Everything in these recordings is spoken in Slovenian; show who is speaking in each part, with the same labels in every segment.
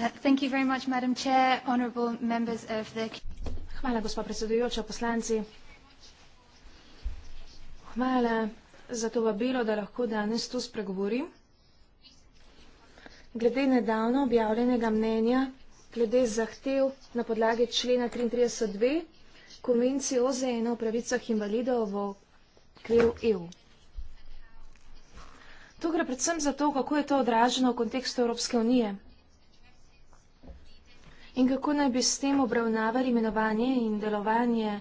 Speaker 1: Uh, thank you very much, Madam Chair. Honorable members of the- Hvala, gospa predsedujoča. Poslanci, hvala za to vabilo, da lahko danes tu spregovorim. Glede nedavno objavljenega mnenja, glede zahtev na podlagi člena triintrideset dve Konvencije OZN o pravicah invalidov v okviru EU. Tu gre predvsem za to, kako je to odraženo v kontekstu Evropske unije. In kako naj bi s tem obravnavali imenovanje in delovanje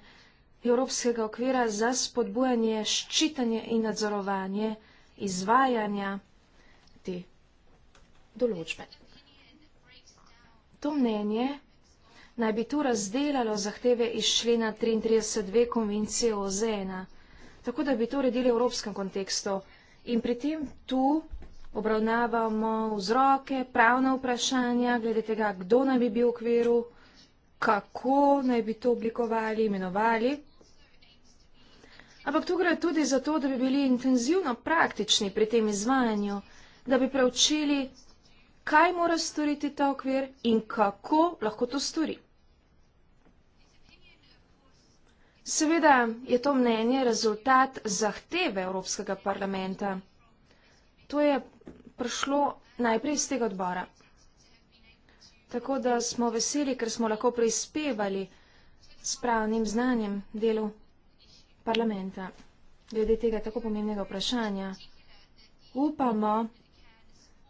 Speaker 1: Evropskega okvira za spodbujanje, ščitanje in nadzorovanje izvajanja te določbe? To mnenje naj bi tu razdelalo zahteve iz člena 33.2 konvencije OZN, tako da bi to uredili v evropskem kontekstu. In pri tem tu obravnavamo vzroke, pravna vprašanja, glede tega, kdo naj bi bil v okviru, kako naj bi to oblikovali, imenovali. Ampak tu gre tudi za to, da bi bili intenzivno praktični pri tem izvajanju, da bi preučili, kaj mora storiti ta okvir in kako lahko to stori. Seveda je to mnenje rezultat zahteve Evropskega parlamenta. To je prišlo najprej iz tega odbora. Tako da smo veseli, ker smo lahko prispevali s pravnim znanjem delu parlamenta glede tega tako pomembnega vprašanja. Upamo,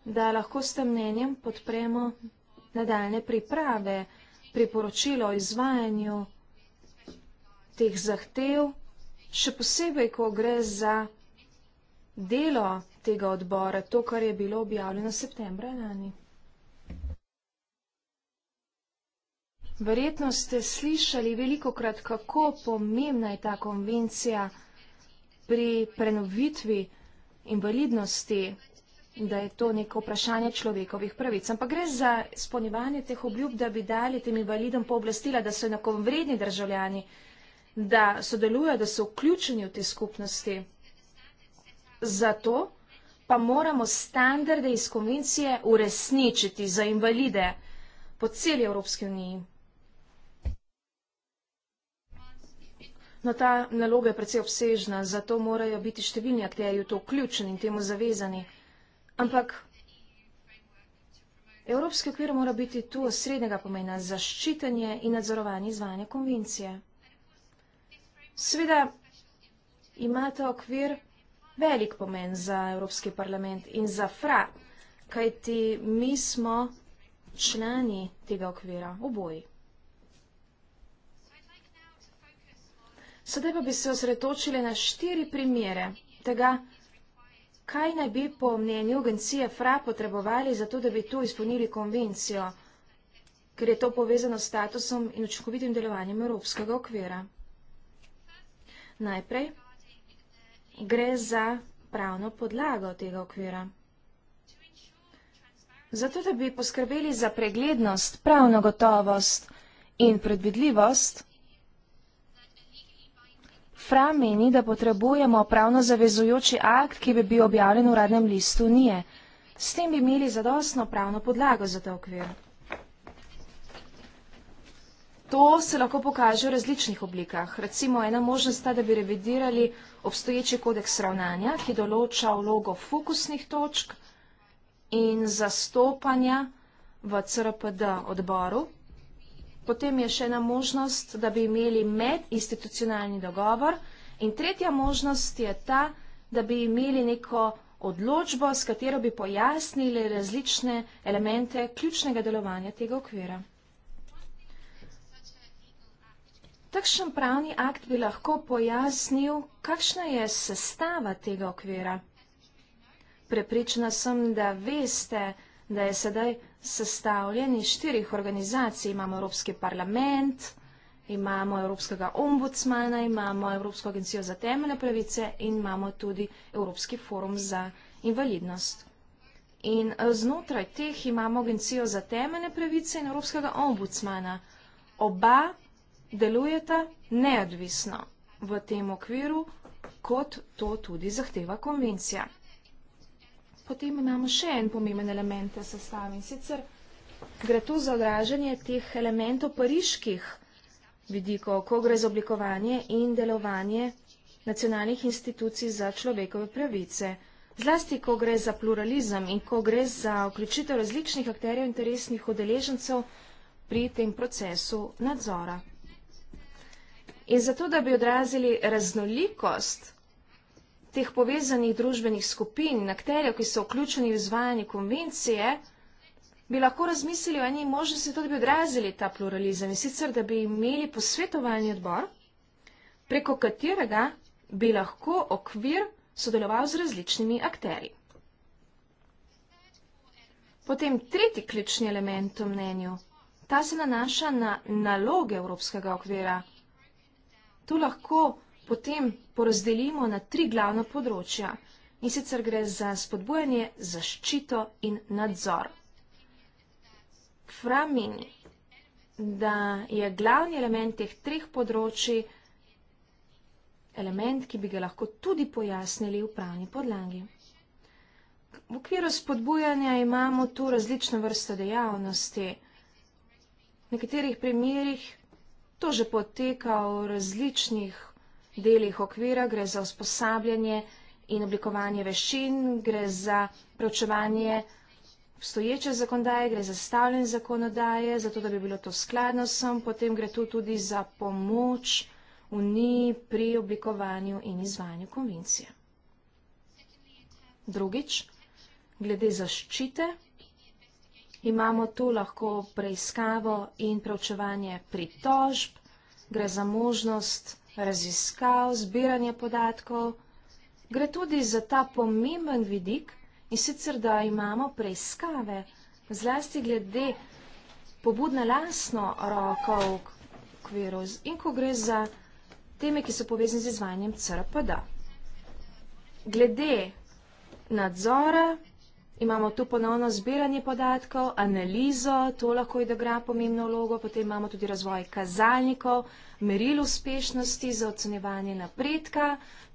Speaker 1: da lahko s tem mnenjem podpremo nadaljne priprave, priporočilo o izvajanju teh zahtev, še posebej, ko gre za delo tega odbora, to, kar je bilo objavljeno septembra lani. Verjetno ste slišali veliko krat, kako pomembna je ta konvencija pri prenovitvi invalidnosti, da je to neko vprašanje človekovih pravic. Ampak gre za spolnjevanje teh obljub, da bi dali tem invalidom pooblastila, da so enakovredni državljani, da sodelujejo, da so vključeni v te skupnosti. Zato pa moramo standarde iz konvencije uresničiti za invalide po celi Evropski uniji. No, ta naloga je precej obsežna, zato morajo biti številni akterji v to vključeni in temu zavezani. Ampak Evropski okvir mora biti tu osrednjega pomena zaščitanje in nadzorovanje izvajanja konvencije. Sveda imate okvir, velik pomen za Evropski parlament in za FRA, kajti mi smo člani tega okvira, oboji. Sedaj pa bi se osredotočili na štiri primere tega, kaj naj bi po mnenju agencije FRA potrebovali za to, da bi tu izpolnili konvencijo, ker je to povezano s statusom in učinkovitim delovanjem Evropskega okvira. Najprej, gre za pravno podlago tega okvira. Zato, da bi poskrbeli za preglednost, pravno gotovost in predvidljivost, Fra meni, da potrebujemo pravno zavezujoči akt, ki bi bil objavljen v radnem listu Unije. S tem bi imeli zadostno pravno podlago za ta okvir. To se lahko pokaže v različnih oblikah. Recimo ena možnost je, da bi revidirali obstoječi kodeks ravnanja, ki določa vlogo fokusnih točk in zastopanja v CRPD odboru. Potem je še ena možnost, da bi imeli medinstitucionalni dogovor. In tretja možnost je ta, da bi imeli neko odločbo, s katero bi pojasnili različne elemente ključnega delovanja tega okvira. Takšen pravni akt bi lahko pojasnil, kakšna je sestava tega okvira. Prepričana sem, da veste, da je sedaj sestavljen iz štirih organizacij. Imamo Evropski parlament, imamo Evropskega ombudsmana, imamo Evropsko agencijo za temeljne pravice in imamo tudi Evropski forum za invalidnost. In e, znotraj teh imamo Agencijo za temeljne pravice in Evropskega ombudsmana. Oba delujeta neodvisno v tem okviru, kot to tudi zahteva konvencija. Potem imamo še en pomemben element te sestave in sicer gre tu za odraženje teh elementov pariških vidikov, ko gre za oblikovanje in delovanje nacionalnih institucij za človekove pravice. Zlasti, ko gre za pluralizem in ko gre za vključitev različnih akterjev interesnih udeležencev pri tem procesu nadzora. In zato, da bi odrazili raznolikost teh povezanih družbenih skupin in akterjev, ki so vključeni v izvajanje konvencije, bi lahko razmislili o eni možnosti, da bi odrazili ta pluralizem. In sicer, da bi imeli posvetovalni odbor, preko katerega bi lahko okvir sodeloval z različnimi akterji. Potem tretji ključni element v mnenju. Ta se nanaša na naloge Evropskega okvira konvencije to lahko potem porazdelimo na tri glavna področja. In sicer gre za spodbujanje, zaščito in nadzor. Fra meni, da je glavni element teh treh področji element, ki bi ga lahko tudi pojasnili v pravni podlagi. V okviru spodbujanja imamo tu različne vrste dejavnosti. V nekaterih primerjih To že poteka v različnih delih okvira, gre za usposabljanje in oblikovanje veščin, gre za preučevanje stoječe zakonodaje, gre za stavljanje zakonodaje, zato da bi bilo to skladno s tem, potem gre tu tudi za pomoč Uniji pri oblikovanju in izvajanju konvencije. Drugič, glede zaščite Imamo tu lahko preiskavo in preučevanje pritožb, gre za možnost raziskav, zbiranja podatkov, gre tudi za ta pomemben vidik in sicer, da imamo preiskave, zlasti glede pobud na lasno roko v kviru in ko gre za teme, ki so povezni z izvajanjem CRPD. Glede nadzora, Imamo tu ponovno zbiranje podatkov, analizo, to lahko igra pomembno vlogo, potem imamo tudi razvoj kazalnikov, meril uspešnosti za ocenjevanje napredka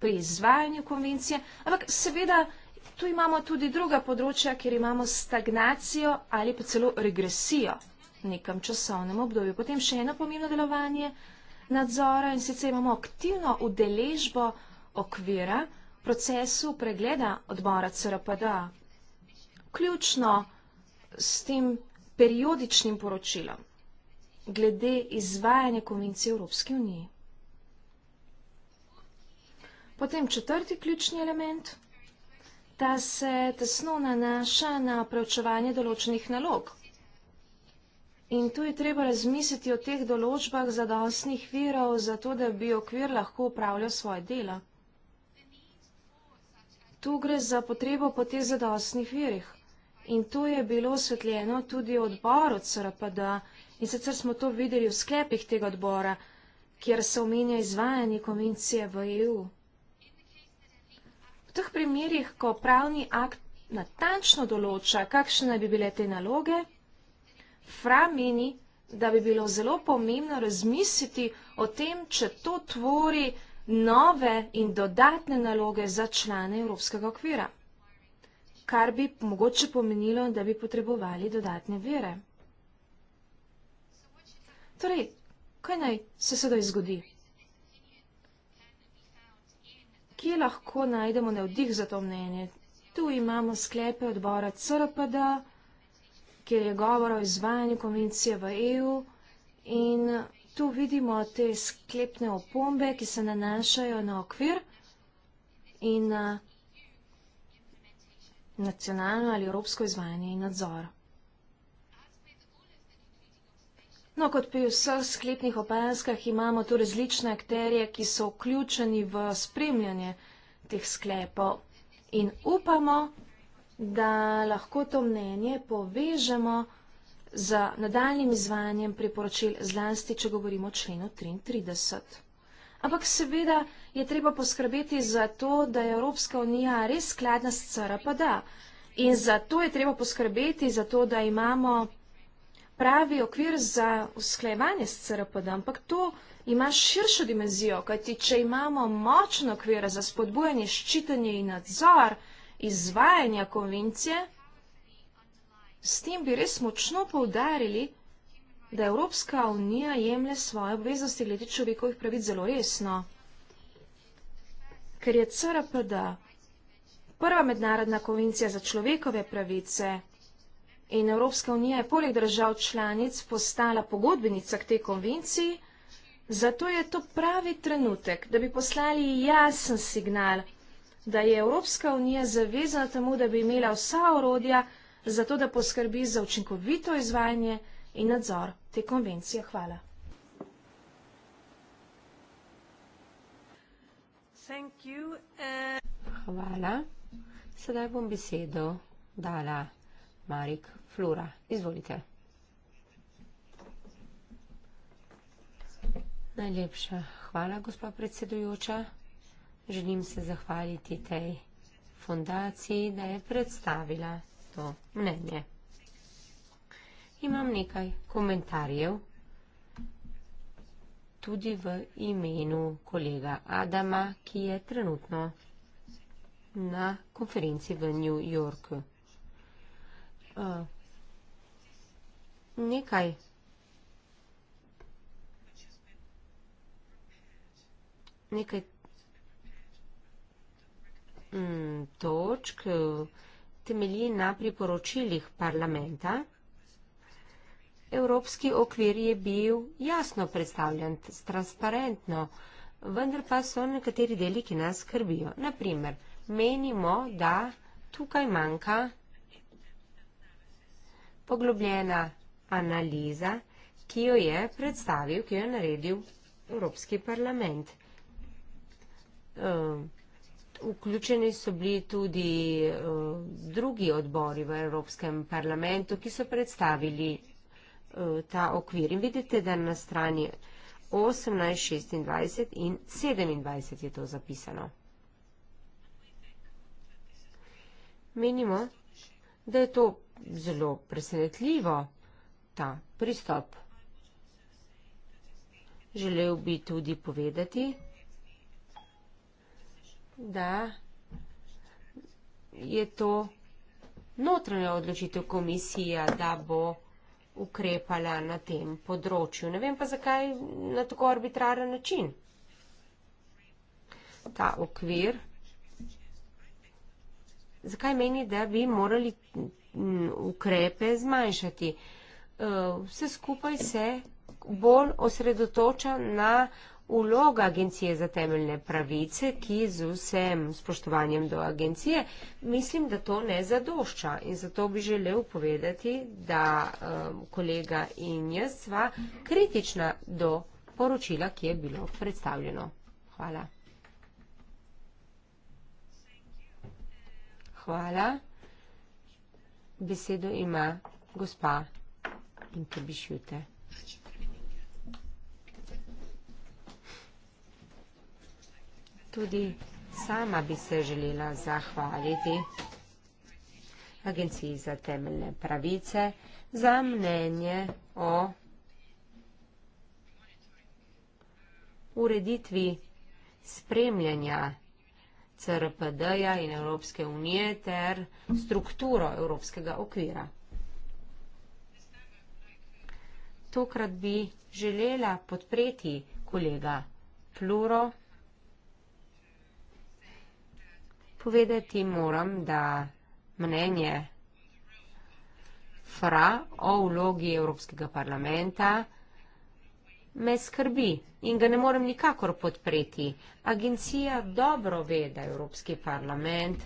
Speaker 1: pri izvajanju konvencije. Ampak seveda tu imamo tudi druga področja, kjer imamo stagnacijo ali pa celo regresijo v nekem časovnem obdobju. Potem še eno pomembno delovanje nadzora in sicer imamo aktivno udeležbo okvira. Procesu pregleda odbora CRPD vključno s tem periodičnim poročilom glede izvajanja konvencije Evropske unije. Potem četrti ključni element, ta se tesno nanaša na preučevanje določenih nalog. In tu je treba razmisliti o teh določbah zadostnih virov, zato da bi okvir lahko upravljal svoje delo. Tu gre za potrebo po teh zadostnih virih in to je bilo osvetljeno tudi odbor od SRPD in sicer smo to videli v sklepih tega odbora, kjer se omenja izvajanje konvencije v EU. V teh primerjih, ko pravni akt natančno določa, kakšne naj bi bile te naloge, Fra meni, da bi bilo zelo pomembno razmisliti o tem, če to tvori nove in dodatne naloge za člane Evropskega okvira kar bi mogoče pomenilo, da bi potrebovali dodatne vere. Torej, kaj naj se sedaj zgodi? Kje lahko najdemo navdih za to mnenje? Tu imamo sklepe odbora CRPD, kjer je govor o izvajanju konvencije v EU in tu vidimo te sklepne opombe, ki se nanašajo na okvir in na nacionalno ali evropsko izvajanje in nadzor. No, kot pri vseh sklepnih opaskah imamo tu različne akterje, ki so vključeni v spremljanje teh sklepov in upamo, da lahko to mnenje povežemo z nadaljnim izvajanjem priporočil zlasti, če govorimo o členu 33. Ampak seveda je treba poskrbeti za to, da je Evropska unija res skladna s CRPD. In zato je treba poskrbeti za to, da imamo pravi okvir za usklajevanje s CRPD. Ampak to ima širšo dimenzijo, kajti če imamo močno okvir za spodbujanje, ščitanje in nadzor izvajanja konvencije, s tem bi res močno poudarili, da Evropska unija jemlje svoje obveznosti glede človekovih pravic zelo resno, ker je CRPD prva mednarodna konvencija za človekove pravice in Evropska unija je poleg držav članic postala pogodbenica k tej konvenciji, zato je to pravi trenutek, da bi poslali jasen signal, da je Evropska unija zavezana temu, da bi imela vsa orodja, zato da poskrbi za učinkovito izvajanje in nadzor te konvencije. Hvala. Eh.
Speaker 2: Hvala. Sedaj bom besedo dala Marik Flora. Izvolite. Najlepša hvala, gospod predsedujoča. Želim se zahvaliti tej fondaciji, da je predstavila to mnenje imam nekaj komentarjev tudi v imenu kolega Adama, ki je trenutno na konferenci v New Yorku. Uh, nekaj nekaj mm, točk eh, temelji na priporočilih parlamenta, evropski okvir je bil jasno predstavljen, transparentno, vendar pa so nekateri deli, ki nas skrbijo. Naprimer, menimo, da tukaj manjka poglobljena analiza, ki jo je predstavil, ki jo je naredil Evropski parlament. Ehm, vključeni so bili tudi eh, drugi odbori v Evropskem parlamentu, ki so predstavili Eh, ta okvir. In vidite, da na strani 18, 26 in 27 je to zapisano. Menimo, da je to zelo presenetljivo, ta pristop. Želel bi tudi povedati, da je to notranja odločitev komisija, da bo vsega, ukrepala na tem področju. Ne vem pa, zakaj na tako arbitraren način. Ta okvir. Zakaj meni, da bi morali ukrepe zmanjšati? Eh, vse skupaj se bolj osredotoča na Uloga Agencije za temeljne pravice, ki z vsem spoštovanjem do agencije, mislim, da to ne zadošča in zato bi želel povedati, da um, kolega in jaz sva kritična do poročila, ki je bilo predstavljeno. Hvala. Hvala. Besedo ima gospa Inke Bišjute. tudi sama bi se želela zahvaliti Agenciji za temeljne pravice za mnenje o ureditvi spremljanja CRPD-ja in Evropske unije ter strukturo Evropskega okvira. Tokrat bi želela podpreti kolega Pluro Pluro povedati moram, da mnenje FRA o vlogi Evropskega parlamenta me skrbi in ga ne morem nikakor podpreti. Agencija dobro ve, da Evropski parlament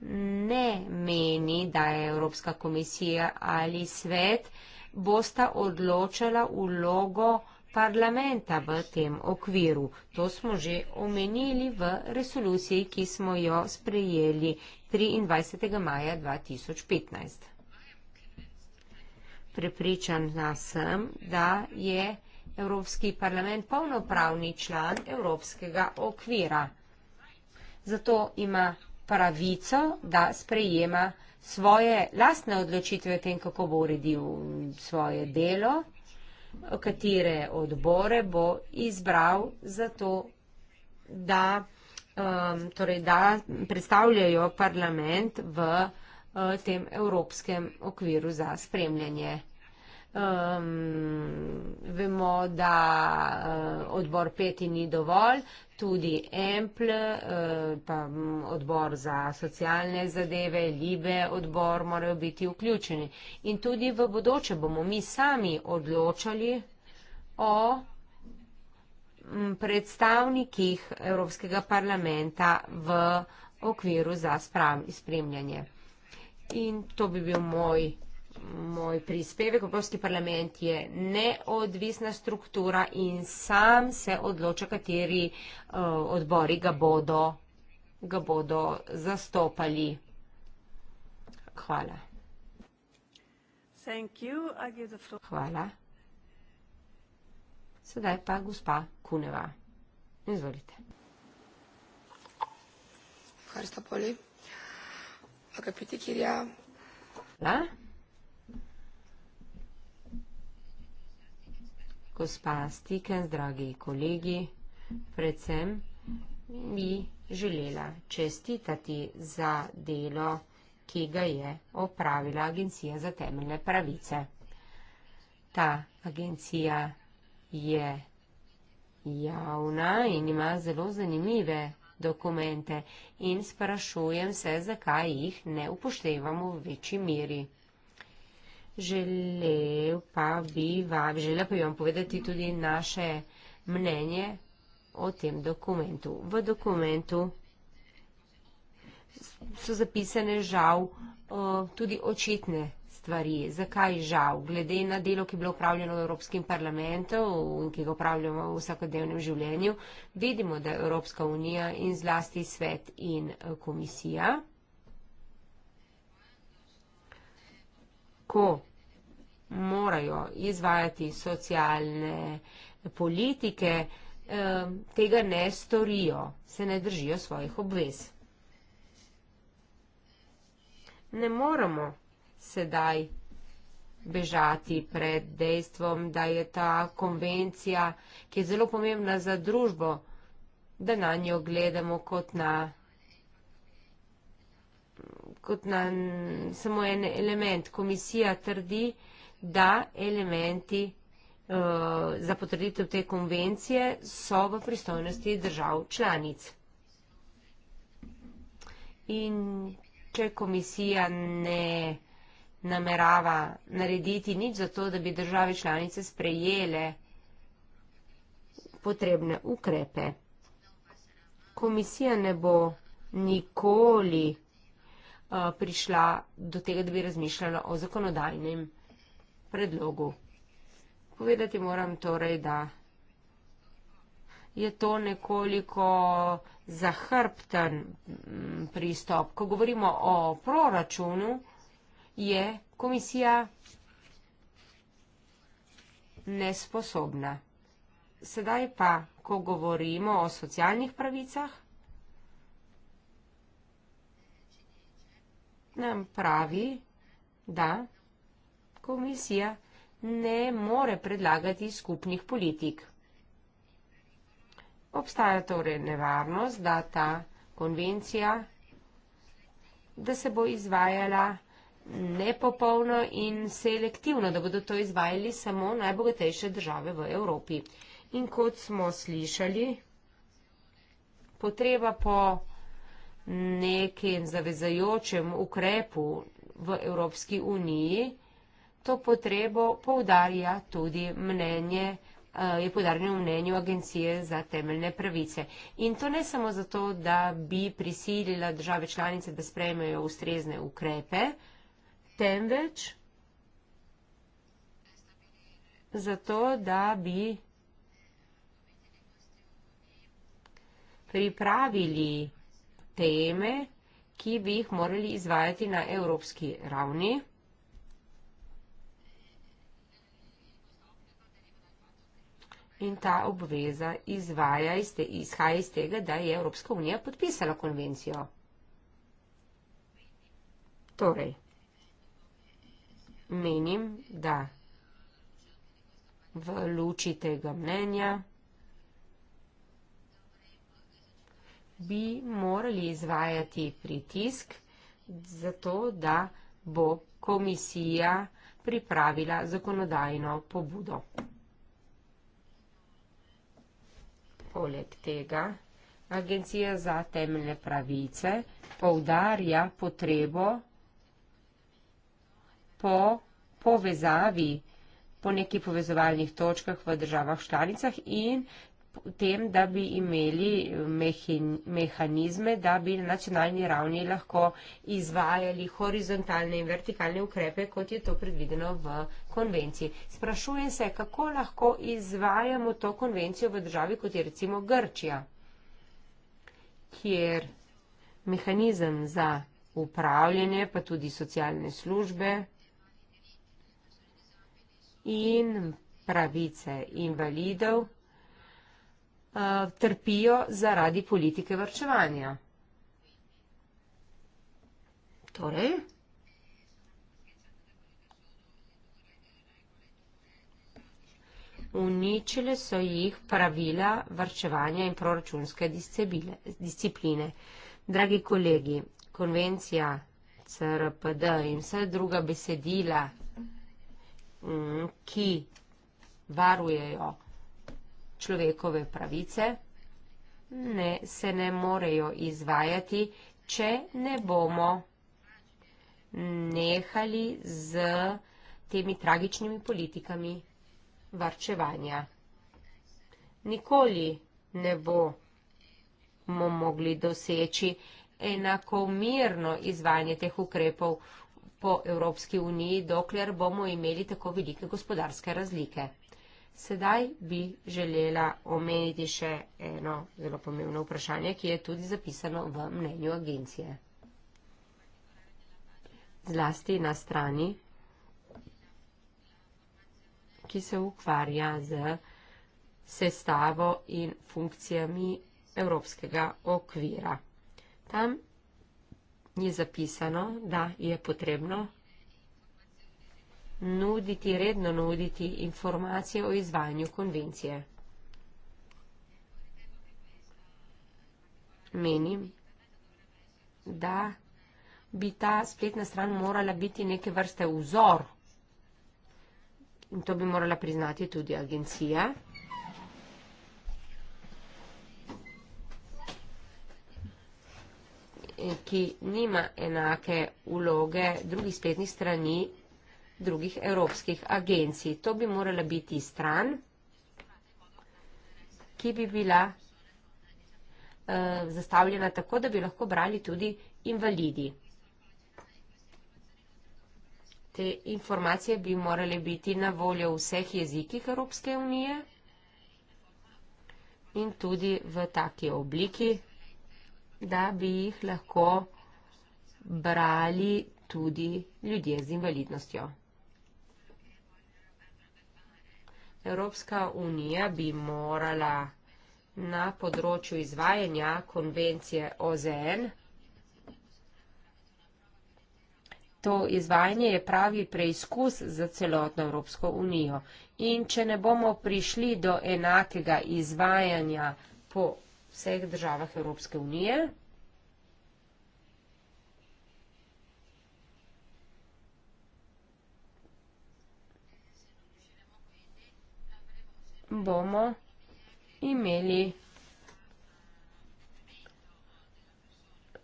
Speaker 2: ne meni, da je Evropska komisija ali svet bosta odločala vlogo Evropskega parlamenta parlamenta v tem okviru. To smo že omenili v resoluciji, ki smo jo sprejeli 23. maja 2015. Prepričan nas sem, da je Evropski parlament polnopravni član Evropskega okvira. Zato ima pravico, da sprejema svoje lastne odločitve o tem, kako bo uredil svoje delo katere odbore bo izbral za to, da, um, torej, da predstavljajo parlament v uh, tem evropskem okviru za spremljanje. Um, vemo, da uh, odbor peti ni dovolj, tudi empl, uh, pa um, odbor za socialne zadeve, libe odbor morajo biti vključeni. In tudi v bodoče bomo mi sami odločali o um, predstavnikih Evropskega parlamenta v okviru za spremljanje. In to bi bil moj moj prispevek, Evropski parlament je neodvisna struktura in sam se odloča, kateri eh, odbori ga bodo, ga bodo zastopali. Hvala. Hvala. Sedaj pa gospa Kuneva. Izvolite. Karstapoli. Agapiti Kirja. Hvala. gospa Stiken, dragi kolegi, predvsem
Speaker 3: bi želela
Speaker 2: čestitati za delo, ki ga je opravila Agencija za temeljne pravice. Ta agencija je javna in ima zelo zanimive dokumente in sprašujem se, zakaj jih ne upoštevamo v večji meri želel pa bi vam, želel pa bi vam povedati tudi naše mnenje o tem dokumentu. V dokumentu so zapisane žal tudi očitne stvari. Zakaj žal? Glede na delo, ki je bilo upravljeno v Evropskem parlamentu in ki ga upravljamo v vsakodnevnem življenju, vidimo, da Evropska unija in zlasti svet in eh, komisija lahko morajo izvajati socialne politike, eh, tega ne storijo, se ne držijo svojih obvez. Ne moramo sedaj bežati pred dejstvom, da je ta konvencija, ki je zelo pomembna za družbo, da na njo gledamo kot na kot na samo en element. Komisija trdi, da elementi uh, za potreditev te konvencije so v pristojnosti držav članic. In če komisija ne namerava narediti nič za to, da bi države članice sprejele potrebne ukrepe, komisija ne bo nikoli Eh, prišla do tega, da bi razmišljala o zakonodajnem predlogu. Povedati moram torej, da je to nekoliko zahrbten mm, pristop. Ko govorimo o proračunu, je komisija nesposobna. Sedaj pa, ko govorimo o socialnih pravicah, nam pravi, da komisija ne more predlagati skupnih politik. Obstaja torej nevarnost, da ta konvencija, da se bo izvajala nepopolno in selektivno, da bodo to izvajali samo najbogatejše države v Evropi. In kot smo slišali, potreba po nekem zavezajočem ukrepu v Evropski uniji, to potrebo poudarja tudi mnenje, eh, je podarjeno mnenju Agencije za temeljne pravice. In to ne samo zato, da bi prisilila države članice, da sprejmejo ustrezne ukrepe, temveč zato, da bi pripravili teme, ki bi jih morali izvajati na evropski ravni. In ta obveza izvaja iz te, izhaja iz tega, da je Evropska unija podpisala konvencijo. Torej, menim, da v luči tega mnenja. bi morali izvajati pritisk, zato da bo komisija pripravila zakonodajno pobudo. Poleg tega Agencija za temeljne pravice poudarja potrebo po povezavi po nekih povezovalnih točkah v državah članicah in tem, da bi imeli mehanizme, da bi na nacionalni ravni lahko izvajali horizontalne in vertikalne ukrepe, kot je to predvideno v konvenciji. Sprašujem se, kako lahko izvajamo to konvencijo v državi, kot je recimo Grčija, kjer mehanizem za upravljanje, pa tudi socialne službe in pravice invalidov, Eh, trpijo zaradi politike vrčevanja. Torej, uničile so jih pravila vrčevanja in proračunske discipline. Dragi kolegi, konvencija CRPD in vse druga besedila, mm, ki varujejo vrčevanje, človekove pravice ne, se ne morejo izvajati, če ne bomo nehali z temi tragičnimi politikami varčevanja. Nikoli ne bomo mogli doseči enakomirno izvajanje teh ukrepov po Evropski uniji, dokler bomo imeli tako velike gospodarske razlike. Sedaj bi želela omeniti še eno zelo pomembno vprašanje, ki je tudi zapisano v mnenju agencije. Zlasti na strani, ki se ukvarja z sestavo in funkcijami evropskega okvira. Tam je zapisano, da je potrebno nuditi, redno nuditi informacije o izvajanju konvencije. Menim, da bi ta spletna stran morala biti neke vrste vzor. In to bi morala priznati tudi agencija. ki nima enake uloge drugih spletnih strani, drugih evropskih agencij. To bi morala biti stran, ki bi bila eh, zastavljena tako, da bi lahko brali tudi invalidi. Te informacije bi morale biti na voljo v vseh jezikih Evropske unije in tudi v taki obliki, da bi jih lahko brali tudi ljudje z invalidnostjo. Evropska unija bi morala na področju izvajanja konvencije OZN. To izvajanje je pravi preizkus za celotno Evropsko unijo. In če ne bomo prišli do enakega izvajanja po vseh državah Evropske unije, bomo imeli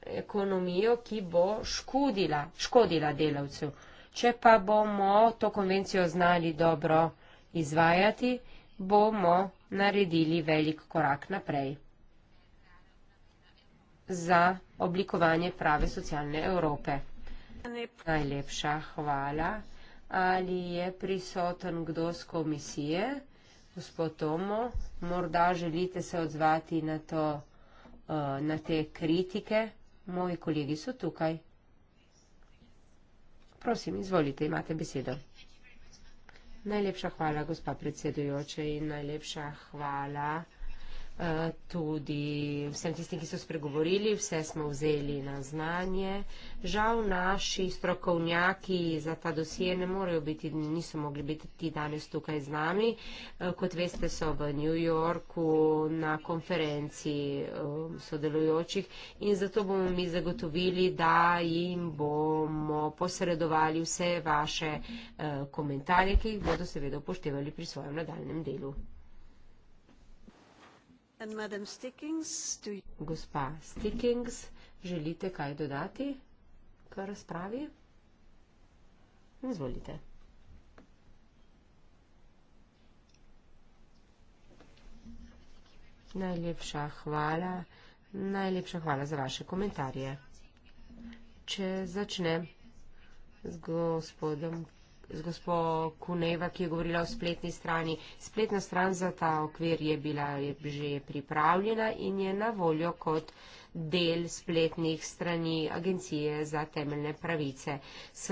Speaker 2: ekonomijo, ki bo škodila, škodila delavcu. Če pa bomo to konvencijo znali dobro izvajati, bomo naredili velik korak naprej za oblikovanje prave socialne Evrope. Najlepša hvala. Ali je prisoten kdo z komisije? gospod Tomo, morda želite se odzvati na, to, uh, na te kritike. Moji kolegi so tukaj. Prosim, izvolite, imate besedo. Najlepša hvala, gospa predsedujoča, in najlepša hvala. Eh, tudi vsem tistim, ki so spregovorili, vse smo vzeli na znanje. Žal naši strokovnjaki za ta dosije ne morejo biti, niso mogli biti ti danes tukaj z nami. Eh, kot veste, so v New Yorku na konferenci eh, sodelujočih in zato bomo mi zagotovili, da jim bomo posredovali vse vaše komentarje, ki jih bodo seveda upoštevali pri svojem nadaljem delu. Gospa Stickings, želite kaj dodati k razpravi? Izvolite. Najlepša hvala, najlepša hvala za vaše komentarje. Če začnem z gospodom z gospo Kuneva, ki je govorila o spletni strani. Spletna stran za ta okvir je bila je že pripravljena in je na voljo kot del spletnih strani Agencije za temeljne pravice. S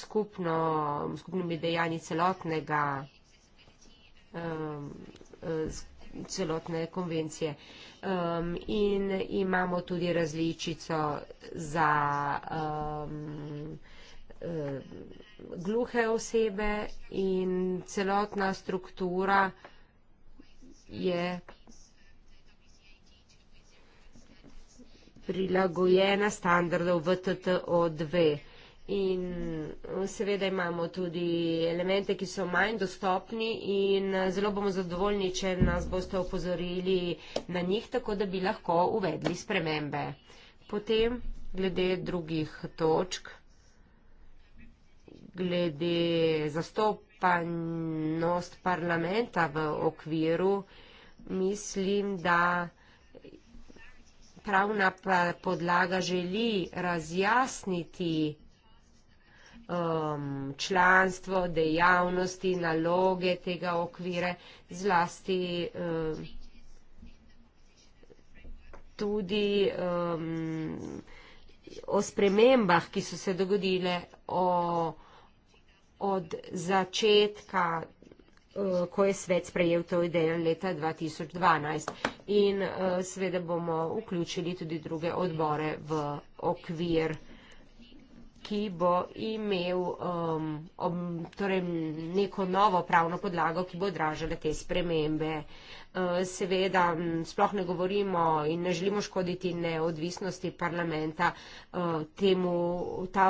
Speaker 2: skupno, skupnimi dejanji celotnega, um, celotne konvencije. Um, in imamo tudi različico za um, eh, gluhe osebe in celotna struktura je prilagojena standardov VTTO2. In eh, seveda imamo tudi elemente, ki so manj dostopni in eh, zelo bomo zadovoljni, če nas boste opozorili na njih, tako da bi lahko uvedli spremembe. Potem, glede drugih točk, glede zastopanost parlamenta v okviru, mislim, da pravna podlaga želi razjasniti um, članstvo, dejavnosti, naloge tega okvire, zlasti um, tudi um, o spremembah, ki so se dogodile o od začetka, eh, ko je svet sprejel to idejo leta 2012. In eh, seveda bomo vključili tudi druge odbore v okvir, ki bo imel um, ob, torej neko novo pravno podlago, ki bo odražala te spremembe. Eh, seveda sploh ne govorimo in ne želimo škoditi neodvisnosti parlamenta temu, ta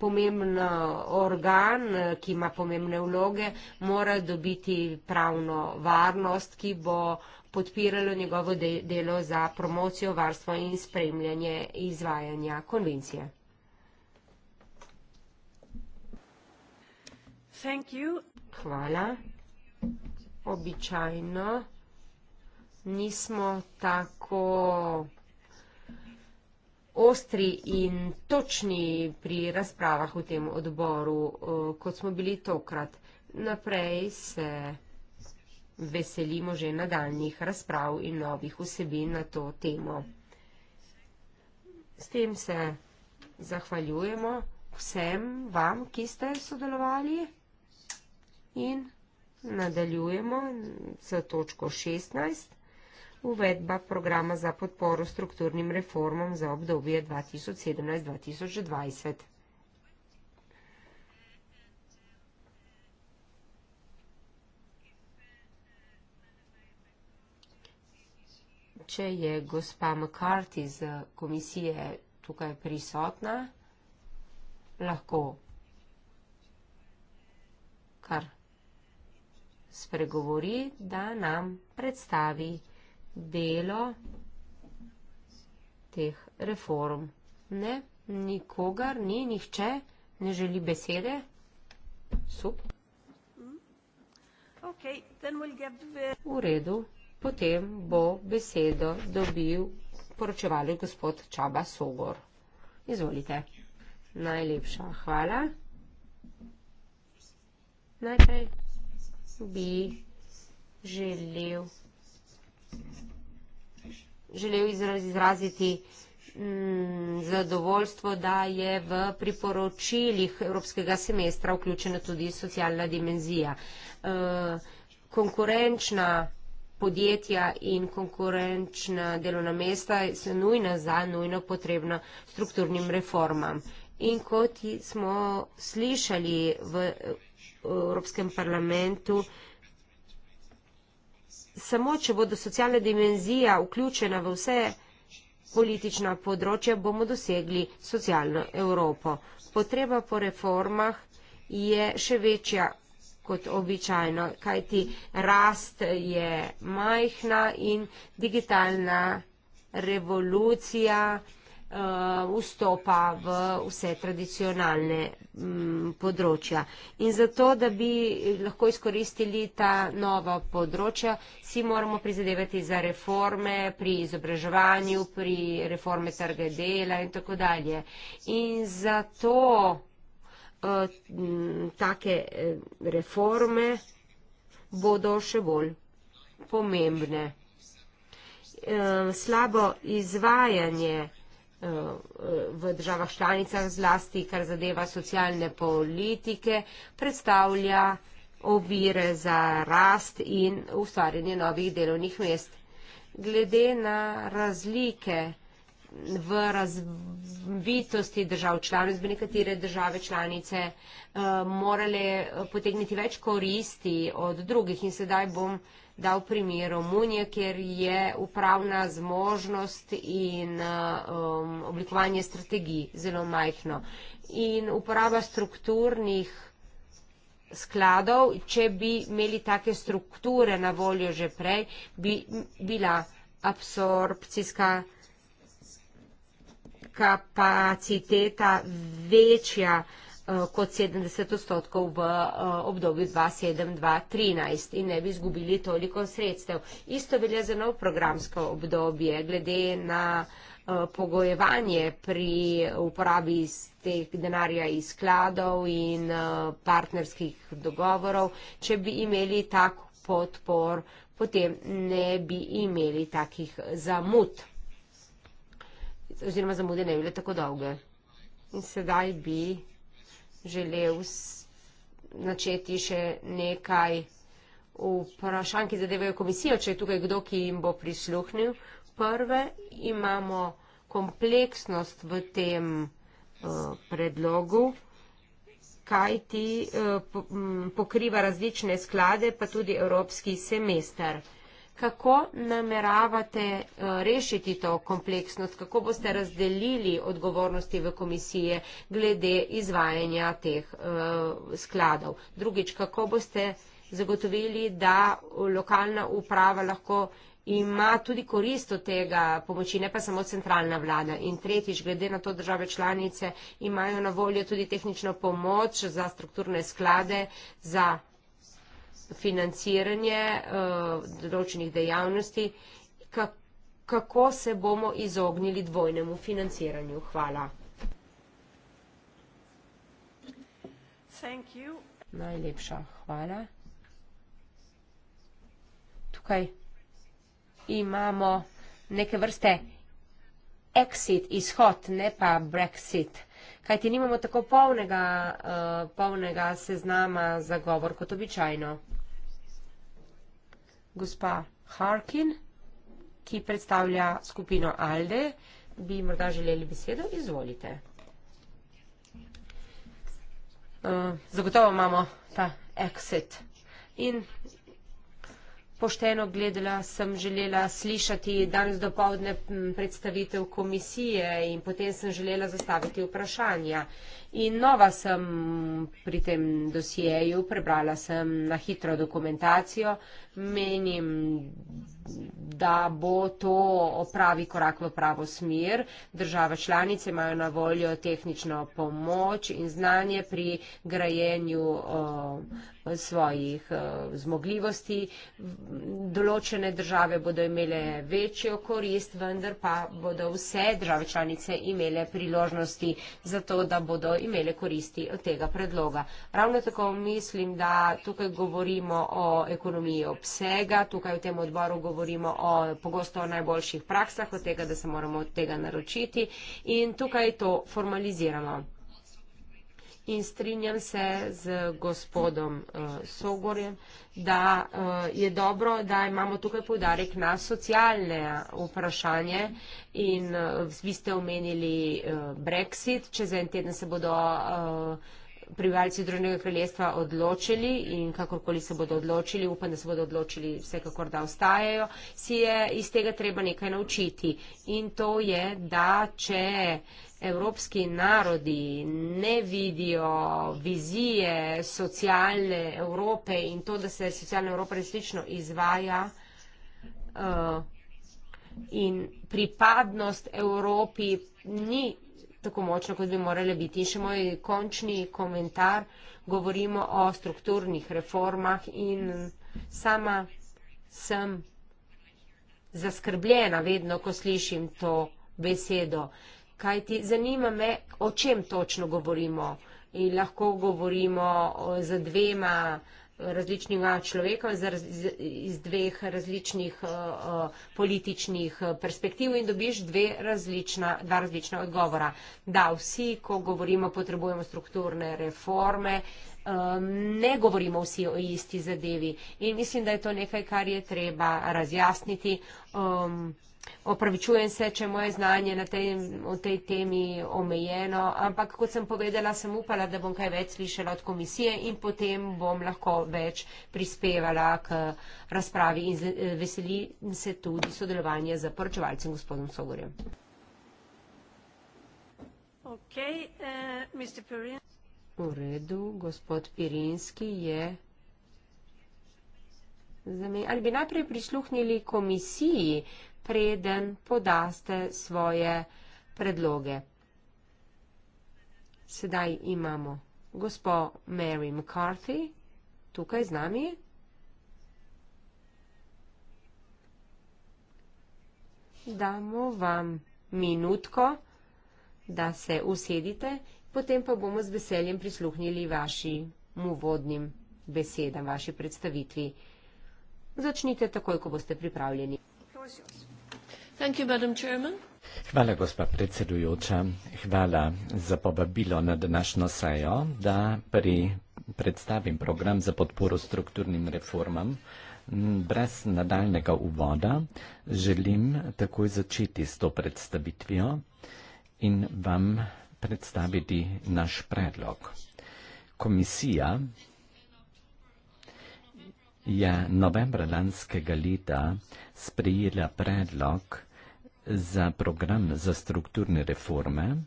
Speaker 2: pomemben eh, organ, eh, ki ima pomembne vloge, mora dobiti pravno varnost, ki bo podpiralo njegovo de delo za promocijo, varstvo in spremljanje izvajanja konvencije. Hvala. Običajno nismo tako ostri in točni pri razpravah v tem odboru, eh, kot smo bili tokrat. Naprej se veselimo že nadaljnih razprav in novih vsebin na to temo. S tem se zahvaljujemo vsem vam, ki ste sodelovali in nadaljujemo za točko 16 uvedba programa za podporo strukturnim reformom za obdobje 2017-2020. Če je gospa McCarthy z komisije tukaj prisotna, lahko kar spregovori, da nam predstavi komisijo delo teh reform. Ne, nikogar, ni nihče, ne želi besede. Sup. V redu, potem bo besedo dobil poročevalj gospod Čaba Sogor. Izvolite. Najlepša hvala. Najprej bi želel
Speaker 3: želel izraziti
Speaker 2: mm, zadovoljstvo, da je v priporočilih evropskega semestra vključena tudi socialna dimenzija. E, konkurenčna podjetja in konkurenčna delovna mesta so nujna za nujno potrebna strukturnim reformam. In kot smo slišali v e, Evropskem parlamentu, samo, če bodo socialna dimenzija vključena v vse politična področja, bomo dosegli socialno Evropo. Potreba po reformah je še večja kot običajno, kajti rast je majhna in digitalna revolucija uh, vstopa v vse tradicionalne m, mm, področja. In zato, da bi lahko izkoristili ta nova področja, si moramo prizadevati za reforme pri izobraževanju, pri reforme trga dela in tako dalje. In zato uh, m, take eh, reforme bodo še bolj pomembne. Slabo izvajanje v državah članicah zlasti, kar zadeva socialne politike, predstavlja ovire za rast in ustvarjanje novih delovnih mest. Glede na razlike v razvitosti držav članic, bi nekatere države članice uh, morale potegniti več koristi od drugih in sedaj bom uh, da v primeru Munje, kjer je upravna zmožnost in um, oblikovanje strategij zelo majhno in uporaba strukturnih skladov, če bi imeli take strukture na voljo že prej, bi bila absorpcijska kapaciteta večja. Eh, kot 70 odstotkov v eh, obdobju 2007-2013 in ne bi izgubili toliko sredstev. Isto velja za nov programsko obdobje, glede na eh, pogojevanje pri uporabi iz teh denarja iz skladov in partnerskih dogovorov, če bi imeli tak podpor, potem ne bi imeli takih zamud. Oziroma zamude ne bi bile tako dolge. In sedaj bi želel načeti še nekaj vprašanj, ki zadevajo komisijo, če je tukaj kdo, ki jim bo prisluhnil. Prve imamo kompleksnost v tem uh, predlogu, kaj ti uh, eh, pokriva različne sklade, pa tudi evropski semester kako nameravate eh, rešiti to kompleksnost, kako boste razdelili odgovornosti v komisije glede izvajanja teh eh, skladov. Drugič, kako boste zagotovili, da lokalna uprava lahko ima tudi korist od tega pomoči, ne pa samo centralna vlada. In tretjič, glede na to države članice imajo na voljo tudi tehnično pomoč za strukturne sklade, za financiranje uh, določenih dejavnosti, ka, kako se bomo izognili dvojnemu financiranju. Hvala. Najlepša hvala. Tukaj imamo neke vrste exit, izhod, ne pa brexit. Kajti nimamo tako polnega, uh, polnega seznama za govor kot običajno gospa Harkin, ki predstavlja skupino ALDE, bi morda želeli besedo. Izvolite. Eh, zagotovo imamo ta exit. In pošteno gledala sem želela slišati danes do povdne predstavitev komisije in potem sem želela zastaviti vprašanja. In nova sem pri tem dosjeju, prebrala sem na hitro dokumentacijo, menim, da bo to opravi korak v pravo smer. Države članice imajo na voljo tehnično pomoč in znanje pri grajenju uh, svojih uh, zmogljivosti. Določene države bodo imele večjo korist, vendar pa bodo vse države članice imele priložnosti za to, da bodo imele koristi od tega predloga. Ravno tako mislim, da tukaj govorimo o ekonomiji obsega, tukaj v tem odboru govorimo o pogosto o najboljših praksah, od tega, da se moramo od tega naročiti in tukaj to formaliziramo in strinjam se z gospodom uh, Sogorjem, da uh, je dobro, da imamo tukaj povdarek na socialne eh, vprašanje in uh, vi ste omenili uh, Brexit, čez en teden se bodo uh, prebivalci Združenega kraljestva odločili in kakorkoli se bodo odločili, upam, da se bodo odločili vsekakor, da ostajajo, si je iz tega treba nekaj naučiti. In to je, da če evropski narodi ne vidijo vizije socialne Evrope in to, da se socialna Evropa resnično izvaja. Uh, In pripadnost Evropi ni tako močno, kot bi morale biti. In še moj končni komentar, govorimo o strukturnih reformah in sama sem zaskrbljena vedno, ko slišim to besedo. Kaj ti zanima me, o čem točno govorimo? In lahko govorimo z dvema različnega človeka iz, iz dveh različnih uh, političnih eh, perspektiv in dobiš dve različna, dva različna odgovora. Da, vsi, ko govorimo, potrebujemo strukturne reforme, um, ne govorimo vsi o isti zadevi. In mislim, da je to nekaj, kar je treba razjasniti. Um, opravičujem se, če moje znanje na tej, o tej temi omejeno, ampak kot sem povedala, sem upala, da bom kaj več slišala od komisije in potem bom lahko več prispevala k razpravi in eh, veselim se tudi sodelovanja z poročevalcem gospodom Sogorjem.
Speaker 1: Okay, uh,
Speaker 2: v redu, gospod Pirinski je. Ali bi najprej prisluhnili komisiji, preden podaste svoje predloge. Sedaj imamo gospo Mary McCarthy tukaj z nami. Damo vam minutko, da se usedite, potem pa bomo z veseljem prisluhnili vašim uvodnim besedam, vaši predstavitvi. Začnite takoj, ko boste pripravljeni. Prosim.
Speaker 3: Hvala, gospa predsedujoča. Hvala za povabilo na današnjo sejo, da pri predstavim program za podporo strukturnim reformam. Brez nadaljnega uvoda želim takoj začeti s to predstavitvijo in vam predstaviti naš predlog. Komisija je novembra lanskega leta sprejela predlog, za program za strukturne reforme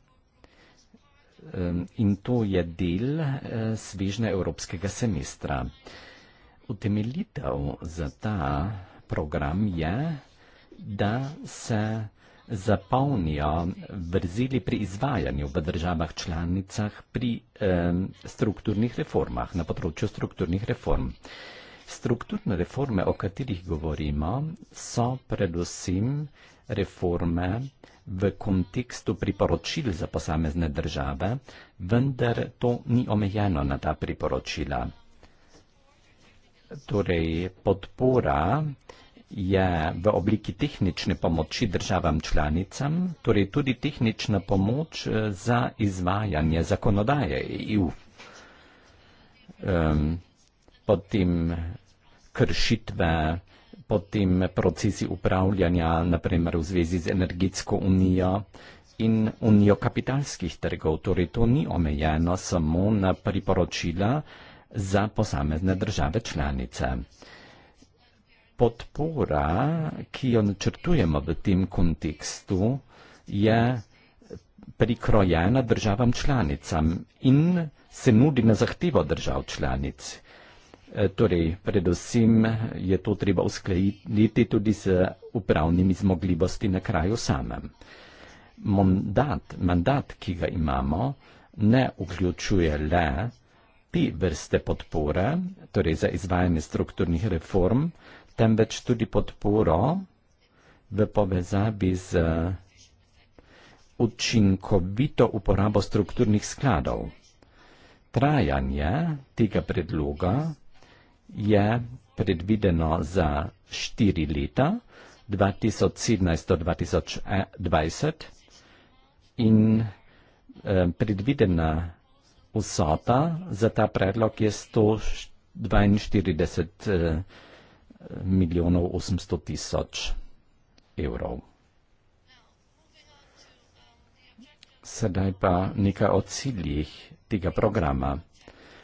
Speaker 3: in to je del eh, svežne evropskega semestra. Utemeljitev za ta program je, da se zapolnijo vrzeli pri izvajanju v državah članicah pri strukturnih reformah, na področju strukturnih reform. Strukturne reforme, o katerih govorimo, so predvsem reforme v kontekstu priporočil za posamezne države, vendar to ni omejeno na ta priporočila. Torej, podpora je v obliki tehnične pomoči državam članicam, torej tudi tehnična pomoč eh, za izvajanje zakonodaje EU. Um, potem kršitve potem procesi upravljanja, naprimer v zvezi z energetsko unijo in unijo kapitalskih trgov. Torej to ni omejeno samo na priporočila za posamezne države članice. Podpora, ki jo načrtujemo v tem kontekstu, je prikrojena državam članicam in se nudi na zahtevo držav članic. Eh, torej, predvsem je to treba uskladiti tudi z upravnimi zmogljivosti na kraju samem. Mandat, mandat, ki ga imamo, ne vključuje le te vrste podpore, torej za izvajanje strukturnih reform, temveč tudi podporo v povezavi z učinkovito uporabo strukturnih skladov. Trajanje tega predloga je predvideno za štiri leta, 2017 do 2020 in eh, predvidena vsota za ta predlog je 142 eh, milijonov 800 tisoč evrov. Sedaj pa nekaj o ciljih tega programa.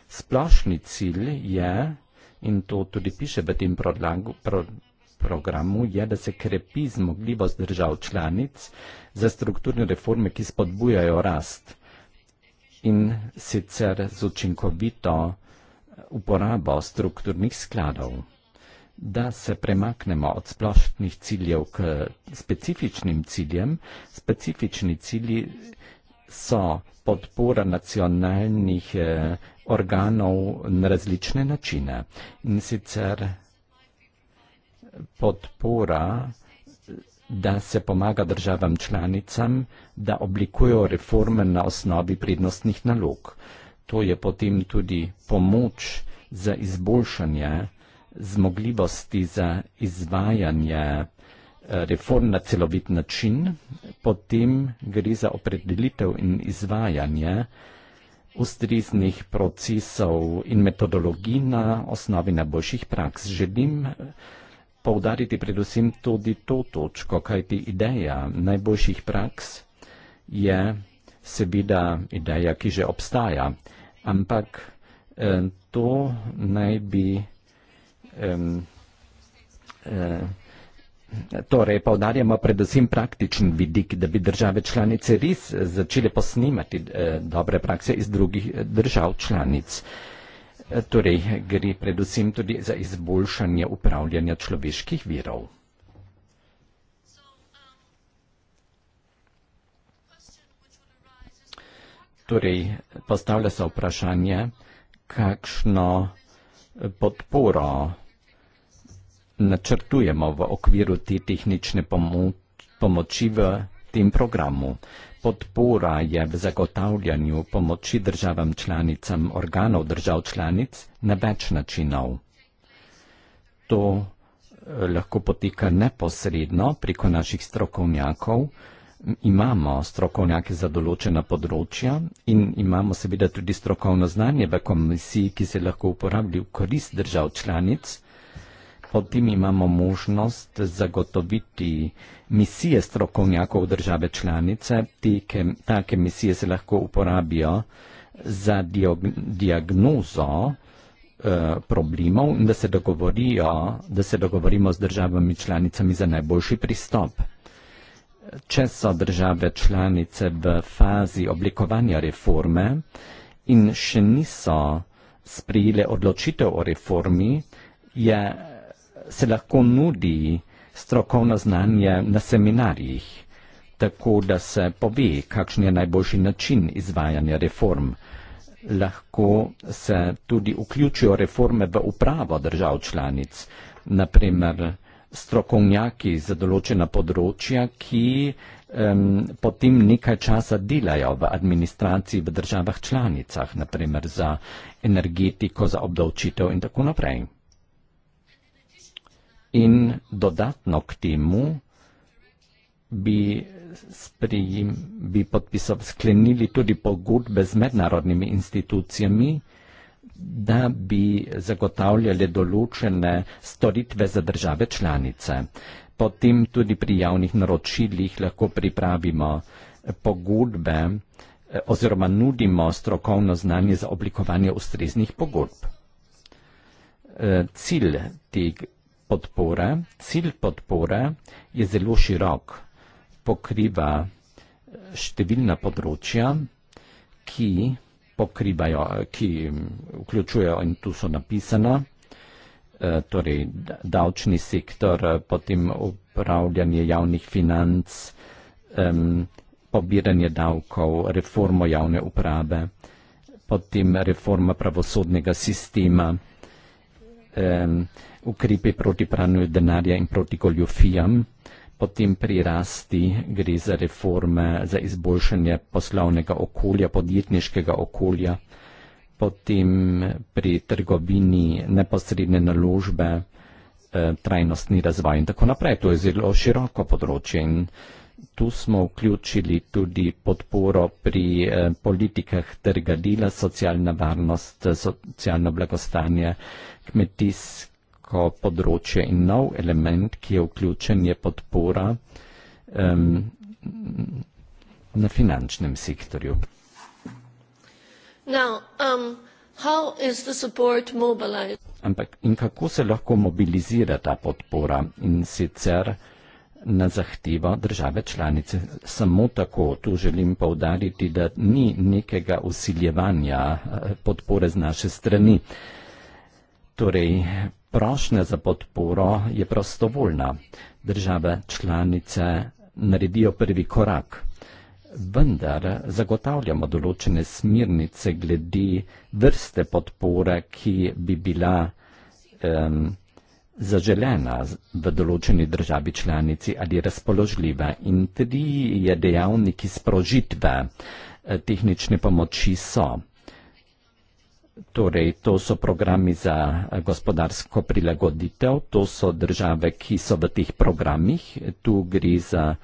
Speaker 3: Splošni cilj je, da je, in to tudi piše v tem prodlagu, pro, programu, je, da se krepi zmogljivost držav članic za strukturne reforme, ki spodbujajo rast in sicer z učinkovito eh, uporabo strukturnih skladov da se premaknemo od splošnih ciljev k specifičnim ciljem. Specifični cilji so podpora nacionalnih eh, organov na različne načine. In sicer podpora, da se pomaga državam članicam, da oblikujo reforme na osnovi prednostnih nalog. To je potem tudi pomoč za izboljšanje zmogljivosti za izvajanje eh, reform na celovit način, potem gre za opredelitev in izvajanje ustreznih procesov in metodologij na osnovi najboljših praks. Želim poudariti predvsem tudi to točko, kajti ideja najboljših praks je seveda ideja, ki že obstaja, ampak eh, to naj bi eh, eh, Torej, povdarjamo predvsem praktičen vidik, da bi države članice res eh, začele posnemati eh, dobre prakse iz drugih eh, držav članic. Eh, torej, gre predvsem tudi za izboljšanje upravljanja človeških virov. Torej, postavlja se vprašanje, kakšno podporo načrtujemo v okviru te tehnične pomo pomoči v tem programu. Podpora je v zagotavljanju pomoči državam članicam organov držav članic na več načinov. To eh, lahko poteka neposredno preko naših strokovnjakov. Imamo strokovnjake za določena področja in imamo seveda tudi strokovno znanje v komisiji, ki se lahko uporablja v korist držav članic potem imamo možnost zagotoviti misije strokovnjakov države članice, ti, ki take misije se lahko uporabijo za diagnozo eh, problemov in da se, da se dogovorimo z državami članicami za najboljši pristop. Če so države članice v fazi oblikovanja reforme in še niso sprijele odločitev o reformi, je se lahko nudi strokovno znanje na seminarjih, tako da se pove, kakšen je najboljši način izvajanja reform. Lahko se tudi vključijo reforme v upravo držav članic, naprimer strokovnjaki za določena področja, ki um, potem nekaj časa delajo v administraciji v državah članicah, naprimer za energetiko, za obdavčitev in tako naprej. In dodatno k temu bi, sprejim, bi podpisov, sklenili tudi pogodbe z mednarodnimi institucijami, da bi zagotavljali določene storitve za države članice. Potem tudi pri javnih naročilih lahko pripravimo pogodbe eh, oziroma nudimo strokovno znanje za oblikovanje ustreznih pogodb. Eh, cilj tega podpore. Cilj podpore je zelo širok, pokriva eh, številna področja, ki pokrivajo, ki mm, vključujejo in tu so napisana, eh, torej davčni sektor, eh, potem upravljanje javnih financ, pobiranje davkov, reformo javne uprave, potem reforma pravosodnega sistema, um, ukrepe proti pranju denarja in proti goljofijam. Potem pri rasti gre za reforme za izboljšanje poslovnega okolja, podjetniškega okolja. Potem pri trgovini neposredne naložbe, eh, trajnostni razvoj in tako naprej. To je zelo široko področje in tu smo vključili tudi podporo pri eh, politikah trga dela, socialna varnost, socialno blagostanje, kmetijsko področje in nov element, ki je vključen, je podpora um, na finančnem sektorju. Now, um, how is the Ampak in kako se lahko mobilizira ta podpora in sicer na zahtevo države članice. Samo tako tu želim povdariti, da ni nekega usiljevanja eh, podpore z naše strani. Uh, torej prošnja za podporo je prostovoljna. Države članice naredijo prvi korak. Vendar zagotavljamo določene smirnice glede vrste podpore, ki bi bila um, zaželena v določeni državi članici ali razpoložljiva. In tri je dejavniki sprožitve eh, tehnične pomoči so. Torej, to so programi za gospodarsko prilagoditev, to so države, ki so v teh programih. Tu gre za